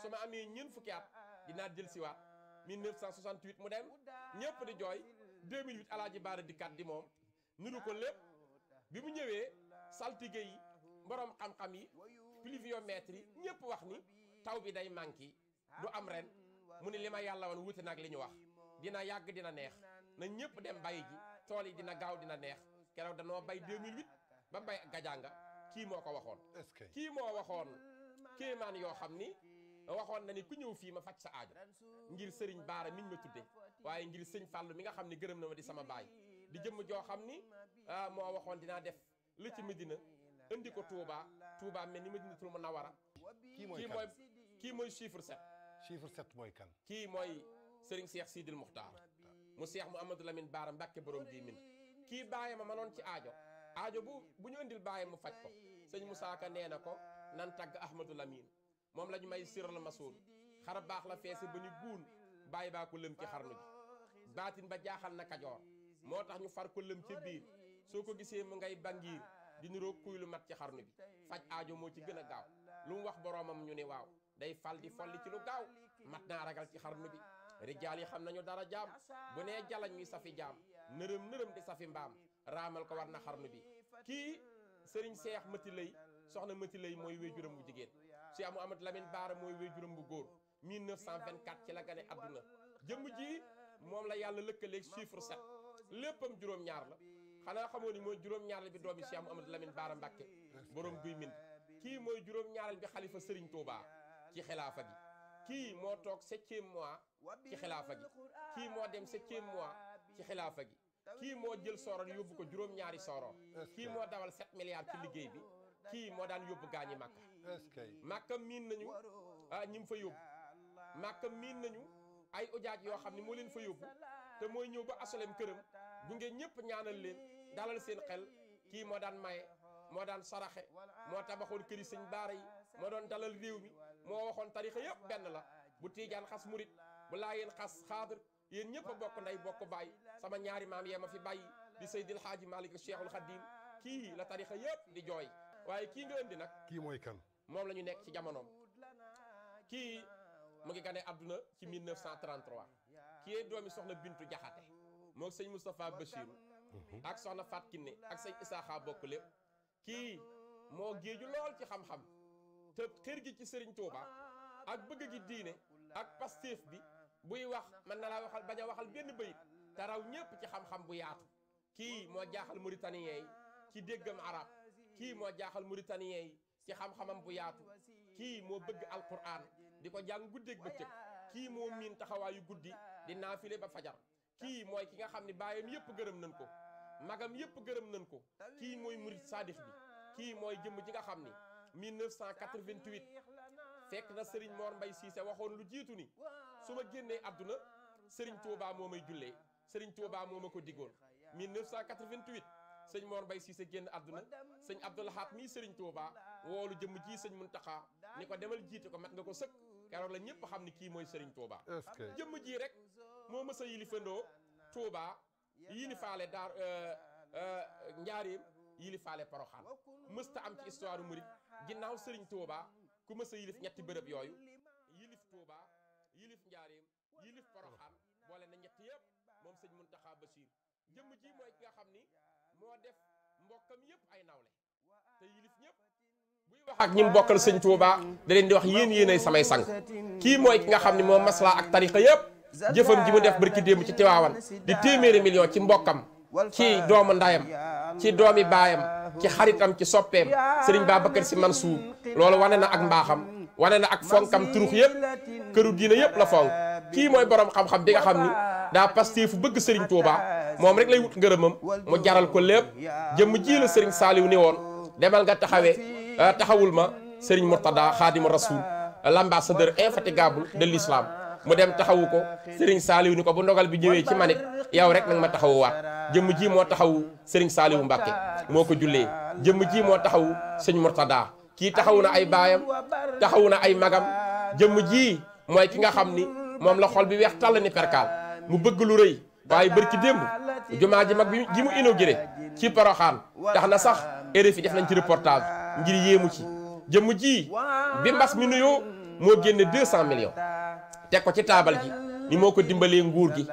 su ma amee ñeent fukki at dinaa siwaat 1968 mu dem ñëpp di jooy 2008 alaaji baara dikkaat di moom niru ko lépp bi mu ñëwee saltige yi borom xam-xam yi pluviomètre yi ñëpp wax ni taw bi day manqué du am ren mu ni li ma yàlla woon wuute nag li ñu wax dina yàgg dina neex na ñëpp dem bay ji tool yi dina gaaw dina neex keroog danoo bay 2008 ba bay gajanga kii moo ko waxoon kii moo waxoon kéemaan yoo xam ni waxoon na ni ku ñëw fii ma faj sa aajo ngir sëriñ baara miñ ma tudde waaye ngir sëñ fàllu mi nga xam ne gërëm na ma di sama baay di jëmm joo xam ni ah moo waxoon dinaa def la ci Medina indi ko Touba Touba mel ni Madinatul Munawara kii mooy kii mooy chiffre 7. chiffre 7 mooy kan. kii mooy Serigne Cheikh Sidil Muxtaar mu Cheikh Mouhamadou Lamine Baara Mbàkke borom bii min kii bàyyi ma manoon ci aajo aajo bu bu ñu indil bàyyi mu faj ko sëñ Moussa Ka nee na ko nan tagg Ahmadou Lamine. moom la ñu may siral masuur xar baax la feese ba ñu guun bàyyi baa ko lëm ci xarnu ji baatin ba jaaxal na kajoor moo tax ñu far ko lëm ci biir soo ko gisee mu ngay bangiir di niroo kuy lu mat ci xarnu bi faj aajo moo ci gën a gaaw lu mu wax boroomam ñu ne waaw day fal di folli ci lu gaaw mat naa ragal ci xarnu bi rijaal yi xam nañu dara jaam bu nee jalañ ñuy safi jaam nërëm nërëm di safi mbaam raamal ko war na xarnu bi kii sëriñ seex mati lay soxna mati lay mooy wéjuram bu jigéen Cheikh Mouhamad Lamine Baara mooy wéjuram bu góor 1924 ci la gane àdduna jëmm ji moom la yàlla lëkkaleeg chiffre 7 léppam juróom-ñaar la xanaa xamoo ni mooy juróom-ñaar la bi doomi Cheikh Mouhamad Lamine Baara Mbàkke borom guy min kii mooy juróom-ñaaral bi xalifa Serigne Touba ci xilaafa gi kii moo toog septième mois ci xilaafa gi kii moo dem septième mois ci xilaafa gi kii moo jël sooroon yóbbu ko juróom-ñaari sooroon kii moo dawal 7 milliards ci liggéey bi kii moo daan yóbbu gaañi Makka màkka miin nañu ah ñi mu fa yóbbu màkka miin nañu ay ojaaj yoo xam ne moo leen fa yóbbu te mooy ñëw ba asolem këram gunge ñëpp ñaanal leen dalal seen xel kii moo daan maye moo daan saraxe moo tabaxoon këri sëñ baara yi moo doon dalal réew mi moo waxoon tarixa yëpp benn la bu tiijaan xas murit bu laayeen xas xaadir yéen ñëpp bokk nday bokk bàyyi sama ñaari maam yee ma fi bàyyi di Seydil Xaaji Malik Cheikhul Xadim kii la tarixa yëpp di jooy waaye kii nga indi kii mooy moom la ñu nekk ci jamonoom kii mu ngi gane àdduna ci 1933 kii doomi soxna Bintu Jaxate moo sëñ Moustapha Bachiru ak soxna Faat Kiné ak sëñ Isaaxa bokk lépp kii moo géeju lool ci xamxam xam te gi ci sëriñ Touba ak bëgg gi diine ak Pastef bi buy wax man na laa waxal bañ waxal benn bayit te raw ñépp ci xamxam bu yaatu kii moo jaaxal mauritanien ci déggam arab kii moo jaaxal mauritanien yi ci xam-xamam bu yaatu kii moo bëgg al alquran di ko jàng guddeeg bëccëg kii moo miin taxawaayu guddi di naafile ba fajar kii mooy ki nga xam ne baayam yëpp gërëm nañ ko magam yëpp gërëm nañ ko kii mooy murid saadix bi kii mooy jëmm ji nga xam ni 1988 fekk na Serigne Mor Mbaye Cissé waxoon lu jiitu ni su ma génnee àdduna Serigne Touba moo may jullee Serigne Touba moo ma ko diggoon 1988. sëñ Mor bay Cissé génn àdduna sëñ Abdoul Ahad mii sëriñ Touba woolu jëmm ji sëñ Mountakha ni ko demal jiite ko mat nga ko sëkk keroog la ñëpp xam ni kii mooy sëriñ Touba. jëmm ji rek moo mës a yilifandoo Touba yilifaale daar euh, euh, njaareem yilifaale Poroxaan mësta am ci histoire murid ginnaaw sëriñ Touba ku mës yilif ñetti bërëb yooyu yilif Touba yilif njaareem yilif Poroxaan boole na ñetti yëpp moom sëñ Mountakha Bachir jëmm ji mooy nga xam ni moo def mbokkam yëpp ay nawle te yilif ñëpp buy wax ak ñi mu bokkal sëñ Tuubaa da leen di wax yéen yéenay samay sang kii mooy ki nga xam ni moo maslaa ak tariqa yëpp jëfam ji mu def barki démb ci Tiwaawan di téeméeri million ci mbokkam ci doomu ndayam ci doomi baayam ci xaritam ci soppeem sëriñ Babacar Si Mansuur loolu wane na ak mbaaxam wane na ak fonkam turux yëpp këru diina yëpp la fonk kii mooy borom xam-xam bi nga xam ni daa pasté fu bëgg sëriñ Tuubaa moom rek lay wut ngërëmam mu jaral ko lépp jëmm ji la sëriñ saaliw ni woon demal nga taxawee ah, taxawul ma sëriñ murtada xaadimu rasul l'ambassadeur infatigable de l'islam mu dem taxawu ko sëriñ saaliw ni ko bu ndogal bi ñëwee ci manit yow rek nag ma taxawuwaat jëmm jii moo taxawu sëriñ saaliwu mbàkke moo ko jullee jëmm ji moo taxawu sëñ murtada kii taxawu na ay baayam taxawu na ay magam jëmm jii mooy ki nga xam ni moom la xol bi weex tàll ni perkaal mu bëgg lu rëy waaye bër jumaa ji mag bi ji mu inauguré ci Poroxaan tax na sax fi def nañ ci reportage ngir yéemu ci jëmm ji bi mbas mi nuyoo moo génne 200 millions teg ko ci taabal ji ni moo ko dimbalee nguur gi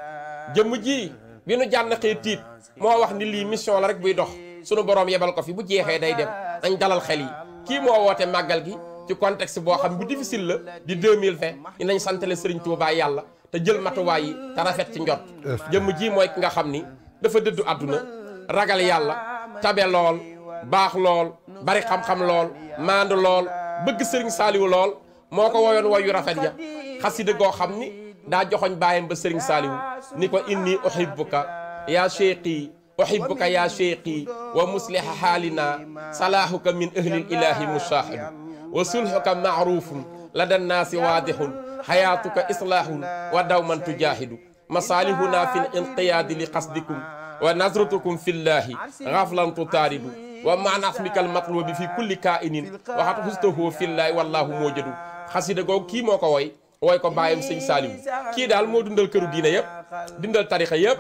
jëmm ji bi nu jànn xëy tiit moo wax ni lii mission la rek buy dox sunu borom yebal ko fi bu jeexee day dem dañ dalal xel yi kii moo woote màggal gi ci contexte boo xam bu difficile la di 2020 yi nañ santale Sëriñ Tuubaa yàlla te jël matuwaay yi rafet ci njot jëmm ji mooy ki nga xam ni dafa dëddu àdduna ragal yàlla tabe lool baax lool bari xam-xam lool maandu lool bëgg sëriñ saaliwu lool moo ko woyoon woyu rafet ja xasida goo xam ni daa joxoñ bàyyam ba sëriñ saaliwu ni ko inni uhibbuka yaa cheikhi uhibbuka yaa cheikhi wa musliha xaalina salaahuka min ahlil ilahi mushaahidu wa sulhuka maarufun ladan naasi waadihun xayaatuka islaahun wa dawman tujaahidu masaalihuna fi l inqiyaadi li qasdikum wa nasratukum fi llaahi xaflan tutaaridu wa maana asmikal matlubi fi kulli kainin waxat xustahu fi llaahi wallaahu moo jëdu xasida googu kii moo ko woy wooy ko bàyyam sëñ Saaliw kii daal moo dundal këru diine yëpp dundal tarixa yëpp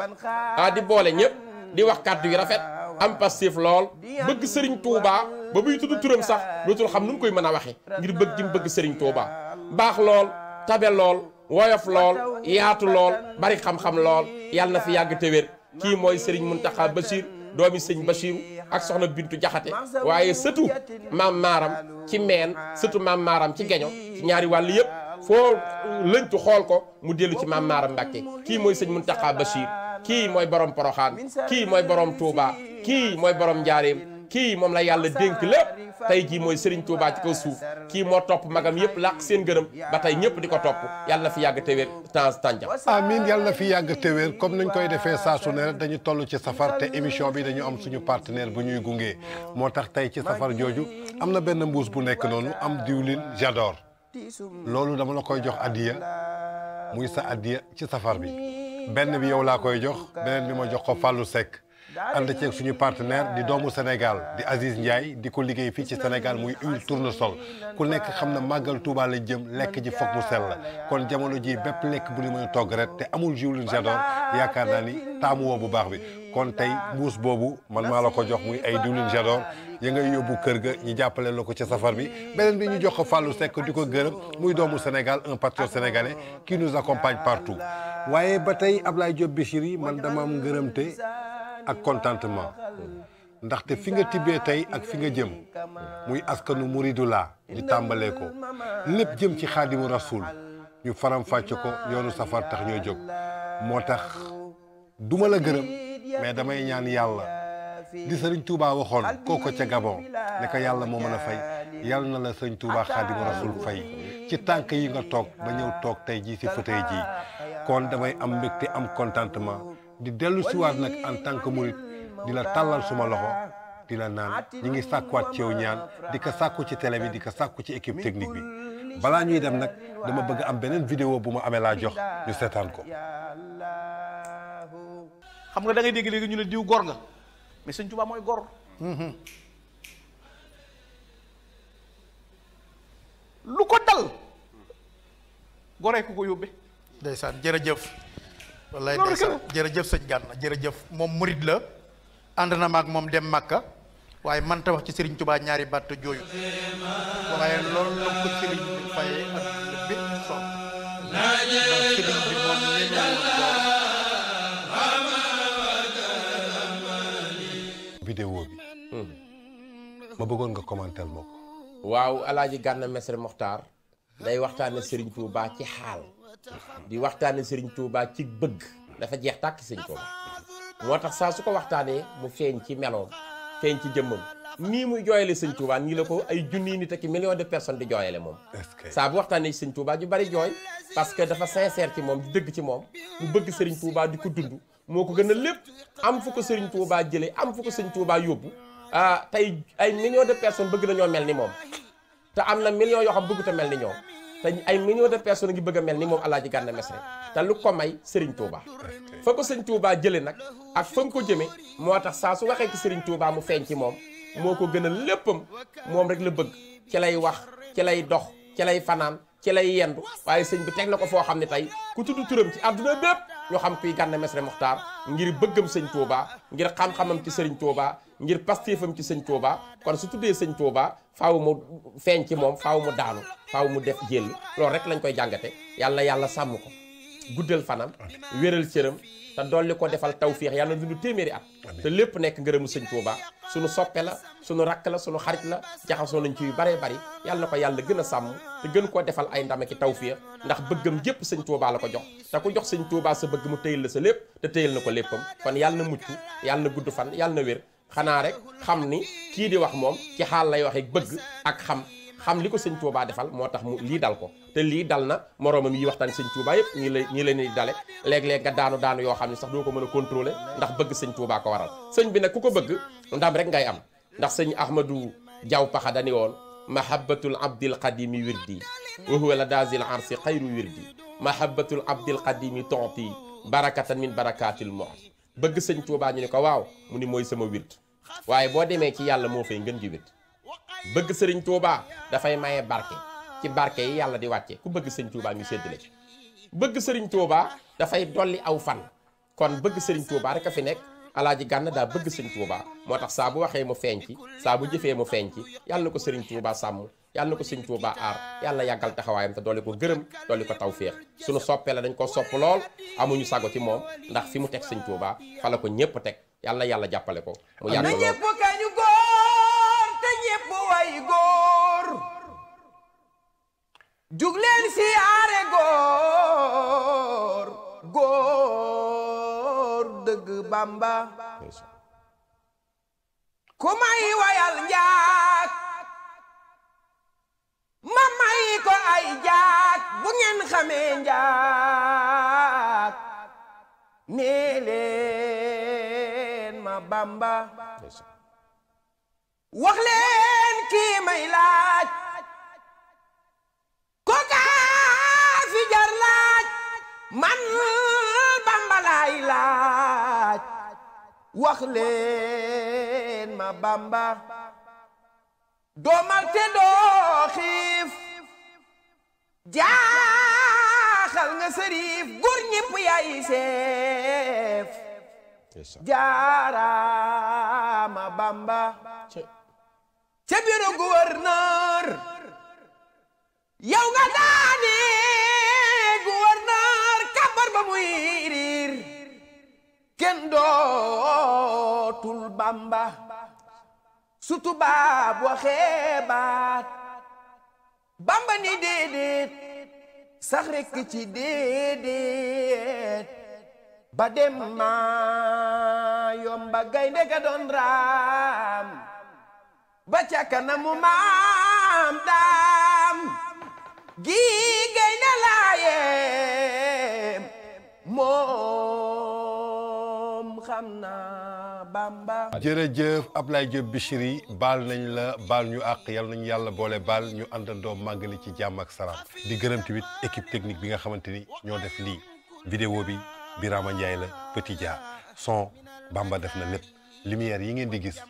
ah di boole ñëpp di wax kàddu yu rafet am passif lool bëgg sëriñ Touba ba buy tudd turam sax dootul xam nu koy mën a waxe ngir bëgg gi mu bëgg sëriñ Touba tabe lool woyof lool yaatu lool bari xam-xam lool yàlla na fi yàgg te kii mooy sëriñ Muntaxa Bachir doomi sëñ Bachir ak soxna Bintu Jaxate waaye sëtu maam maaram ci meen sëtu maam maaram ci geño ci ñaari wàll yëpp foo lëñtu xool ko mu dellu ci maam maaram Mbàkke kii mooy sëñ Muntaxa Bachir kii mooy borom Poroxaan kii mooy borom Touba kii mooy borom Njaareem kii moom la yàlla dénk lépp tey jii mooy Serigne Touba ci kaw suuf kii moo topp magam yëpp la seen gërëm ba tey ñëpp di ko topp yàlla fi yàgg te wér temps tànjam amiin yàlla fi yàgg te wér comme nañ koy defee saa su ne rek dañu toll ci safar te émission bi dañu am suñu partenaire bu ñuy gungee moo tax tey ci safar jooju am na benn mbuus bu nekk noonu am diwlin j'adore loolu dama la koy jox addiya muy sa addiya ci safar bi benn bi yow laa koy jox beneen bi ma jox ko Fallou Seck ànd ceeg suñu partenaire di doomu Sénégal di Aziz Ndiaye di ko liggéey fii ci Sénégal muy huile tournesol ku nekk xam na màggal tuubaale jëm lekk ji foog mu sel la kon jamono ji bépp lekk bu ni mën a rek te amul jiwlin j'adore yaakaar naa ni taamu woo bu baax bi kon tey mbuus boobu man maa la ko jox muy ay diwlin j'adore ya ngay yóbbu kër ga ñu jàppale la ko ci safar bi beneen bi ñu jox ko Fallou Seck di ko gërëm muy doomu Sénégal un patriote sénégalais accompagne partout waaye ba tey Ablaye Diop Bichiri man dama am ngërëmte ak contentement ndaxte fi nga tibbee tey ak fi nga jëm muy askanu laa ñu tàmbalee ko lépp jëm ci xaadimu rasul ñu faram fàcc ko yoonu safar tax ñoo jóg moo tax duma la gërëm mais damay ñaan yàlla di sëriñ Touba waxoon kooko ca Gabon ne ko yàlla moo mën a fay yàlla na la sëriñ Touba xaadimu rasul fay ci tànk yi nga toog ba ñëw toog tey jii si fauteuil jii kon damay am mbégte am contentement di dellu siwaat nag en tant que murit di la tàllal suma loxo di la naan ñi ngi sàkkuwaat ci yow ñaan di ko sàkku ci télé bi di ko sàkku ci équipe technique bi balaa ñuy dem nag dama bëgg am beneen vidéo bu ma amee laa jox ñu seetaan ko xam nga da ngay dégg ñu ne diw gor nga mais sëñ Tuubaa mooy gor mhm. lu ko dal goree ku ko yóbbe jërëjëf wallaay ndeysaan jërëjëf sëñ Gana jërëjëf moom murid la ànd na maag moom dem Makka waaye man wax ci Serigne Touba ñaari baat jooyu waaye loolu la ko Serigne bi fayee ak hmm. ma bëggoon nga commenter ma ko waaw Alaaji Gana Messere Mokhtar day waxtaane Serigne Touba ci xaal di waxtaane Serigne Touba ci bëgg dafa jeex tàkk sëñ ko moo tax saa su ko waxtaanee mu feeñ ci meloom feeñ ci jëmmam nii muy jooyale sëñ Touba nii la ko ay junniy nit ak million de personnes di jooyale moom saa bu waxtaanee ci sëñ Touba ñu bari jooy parce que dafa sincère moom dëgg ci moom mu bëgg Serigne Touba di ko dund moo ko gën a lépp am fu ko Serigne Touba jëlee am fu ko sëñ Touba yóbbu tey ay millions de personnes bëgg nañoo mel ni moom te am na millions yoo xam bëgg te mel ni ñoom te ay millions de personnes ngi bëgg mel ni moom Alaaji Gana Messere te lu ko may Serigne Touba fa sëñ Touba jële nag ak fa nga ko jëmee moo tax saa su waxee ci Serigne Touba mu feeñ ci moom moo ko gën a léppam moom rek la bëgg ci lay wax ci lay dox ci lay fanaan ci lay yendu waaye sëñ bi teg na ko foo xam ne tey ku tudd turam ci àdduna bépp ñu xam kuy Gana Messere Mokhtar ngir bëggam sëñ Touba ngir xam-xamam ci Serigne Touba. ngir pastéefam ci sëñ Touba kon su tuddee sëñ Touba faaw mu feeñ ci moom faw mu daanu faw mu def jël loolu rek lañ koy jàngate yàlla yàlla sàmm ko guddal fanam wéral cëram te dolli ko defal tawfiix yàlla du dundu téeméeri at te lépp nekk ngërëmu sëñ Touba sunu soppe la sunu rakk la sunu xarit la jaxasoo nañ ci yu baree bari yàlla na ko yàlla gën a sàmm te gën koo defal ay ndame ki tawfiix ndax bëggam jépp sëñ Touba la ko jox te ku jox sëñ Touba sa bëgg mu téyel sa lépp te téyel na ko léppam kon yàlla na yàlla gudd fan yàlla na wér xanaa rek xam ni kii di wax moom ci xaal lay waxee bëgg ak xam xam li ko sëñ Touba defal moo tax mu lii dal ko te lii dal na moroomam yi waxtaan sëñ Touba yëpp ñii la ñii la ñuy dale léeg-léeg nga daanu daanu yoo xam ne sax doo ko mën a contrôler ndax bëgg sëñ Touba ko waral sëñ bi nag ku ko bëgg ndam rek ngay am ndax sëñ Ahmadou Diaw Paxa dani woon mahabbatul abdil qadimi wirdi wa huwa la dazil arsi xayru wirdi mahabbatul abdil qadimi tooti barakatan min barakatil moot bëgg sëñ Touba ñu ne ko waaw mu ni mooy sama wird waaye boo demee ci yàlla moo fay ngën gi wird bëgg sëriñ Touba dafay maye barke ci barke yi yàlla di wàcce ku bëgg sëñ Touba ñu séddale ci bëgg sëriñ Touba dafay dolli aw fan kon bëgg sëriñ Touba rek a fi nekk alaaji gànn daa bëgg sëñ Touba moo tax saa bu waxee mu feeñ ci saa bu jëfee mu feeñ ci yàlla na ko sëriñ Touba sàmm yàlla na ko sëñ Tuubaa aar yàlla yàggal taxawaayam te doole ko gërëm doole ko tawféex sunu soppee la dañ koo sopp lool amuñu sago ci moom ndax fi mu teg sëñ Tuubaa fa la ko ñépp teg yàlla yàlla jàppale ko mu yàgg lool ñépp si aare góor góor dëgg Bàmba ku may wayal njaag ma may ko ay jaag bu ngeen xamee njaag ma bamba wax leen kii ko kaa jar laaj man bamba laay laaj wax ma bamba doo marte doo jaaxal nga sëriif góor ñépp yaay seef jaaraama bamba ca biiru gouverneur yow nga daane gouverneur kabar ba muy riir dootul bamba sutu baab waxee baat bamba ni déedéet sax rekk ci déedéet ba dem yomba gaynde ga doon raam ba ca kanamu maam daam gi gaynde laayee moom xam naa Bamba. jërëjëf Ablaye Diop Bichri baal nañ la baal ñu àq yal nañu yàlla boole baal ñu màgg màggali ci jàmm ak salaam di gërëm tamit équipe technique bi nga xamante ni ñoo def lii. vidéo bi Birama Ndiaye la Petit Dia son Bamba def na lépp lumière yi ngeen di gis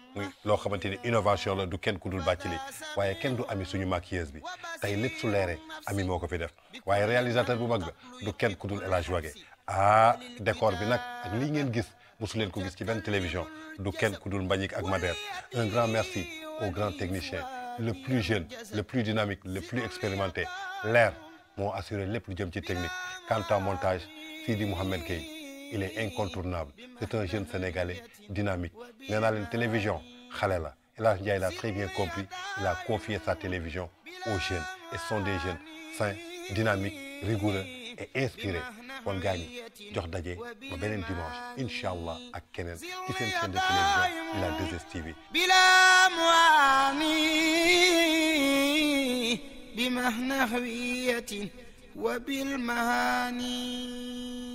loo xamante ni innovation la du kenn ku dul bàccali waaye kenn du ami suñu maquilleuse bi tey lépp su leeree ami moo ko fi def waaye réalisateur bu mag ba du kenn ku dul El Hadj Wagué ah décor bi nag ak lii ngeen gis. mosu leen ko gis ci benn télévision du kenn ku dul Mbagnick ak Mader un grand merci au grand technicien le plus jeune le plus dynamique le plus expérimenté l'air moo assuré lépp lu jëm ci technique quant à montage Sidi Mouhamed Gueye il est incontournable c'est un jeune sénégalais dynamique nee naa leen télévision xale la El Hadj Ndiaye l'a très bien compris il a confié sa télévision aux jeunes et sont des jeunes sains dynamiques rigoureux et inspirés kon gaañ jox daje ba beneen dimanche incha allah ak keneen ci seen chaîne de télévision la 2STV bila muani bi mahnahwiyatin wa bil mahani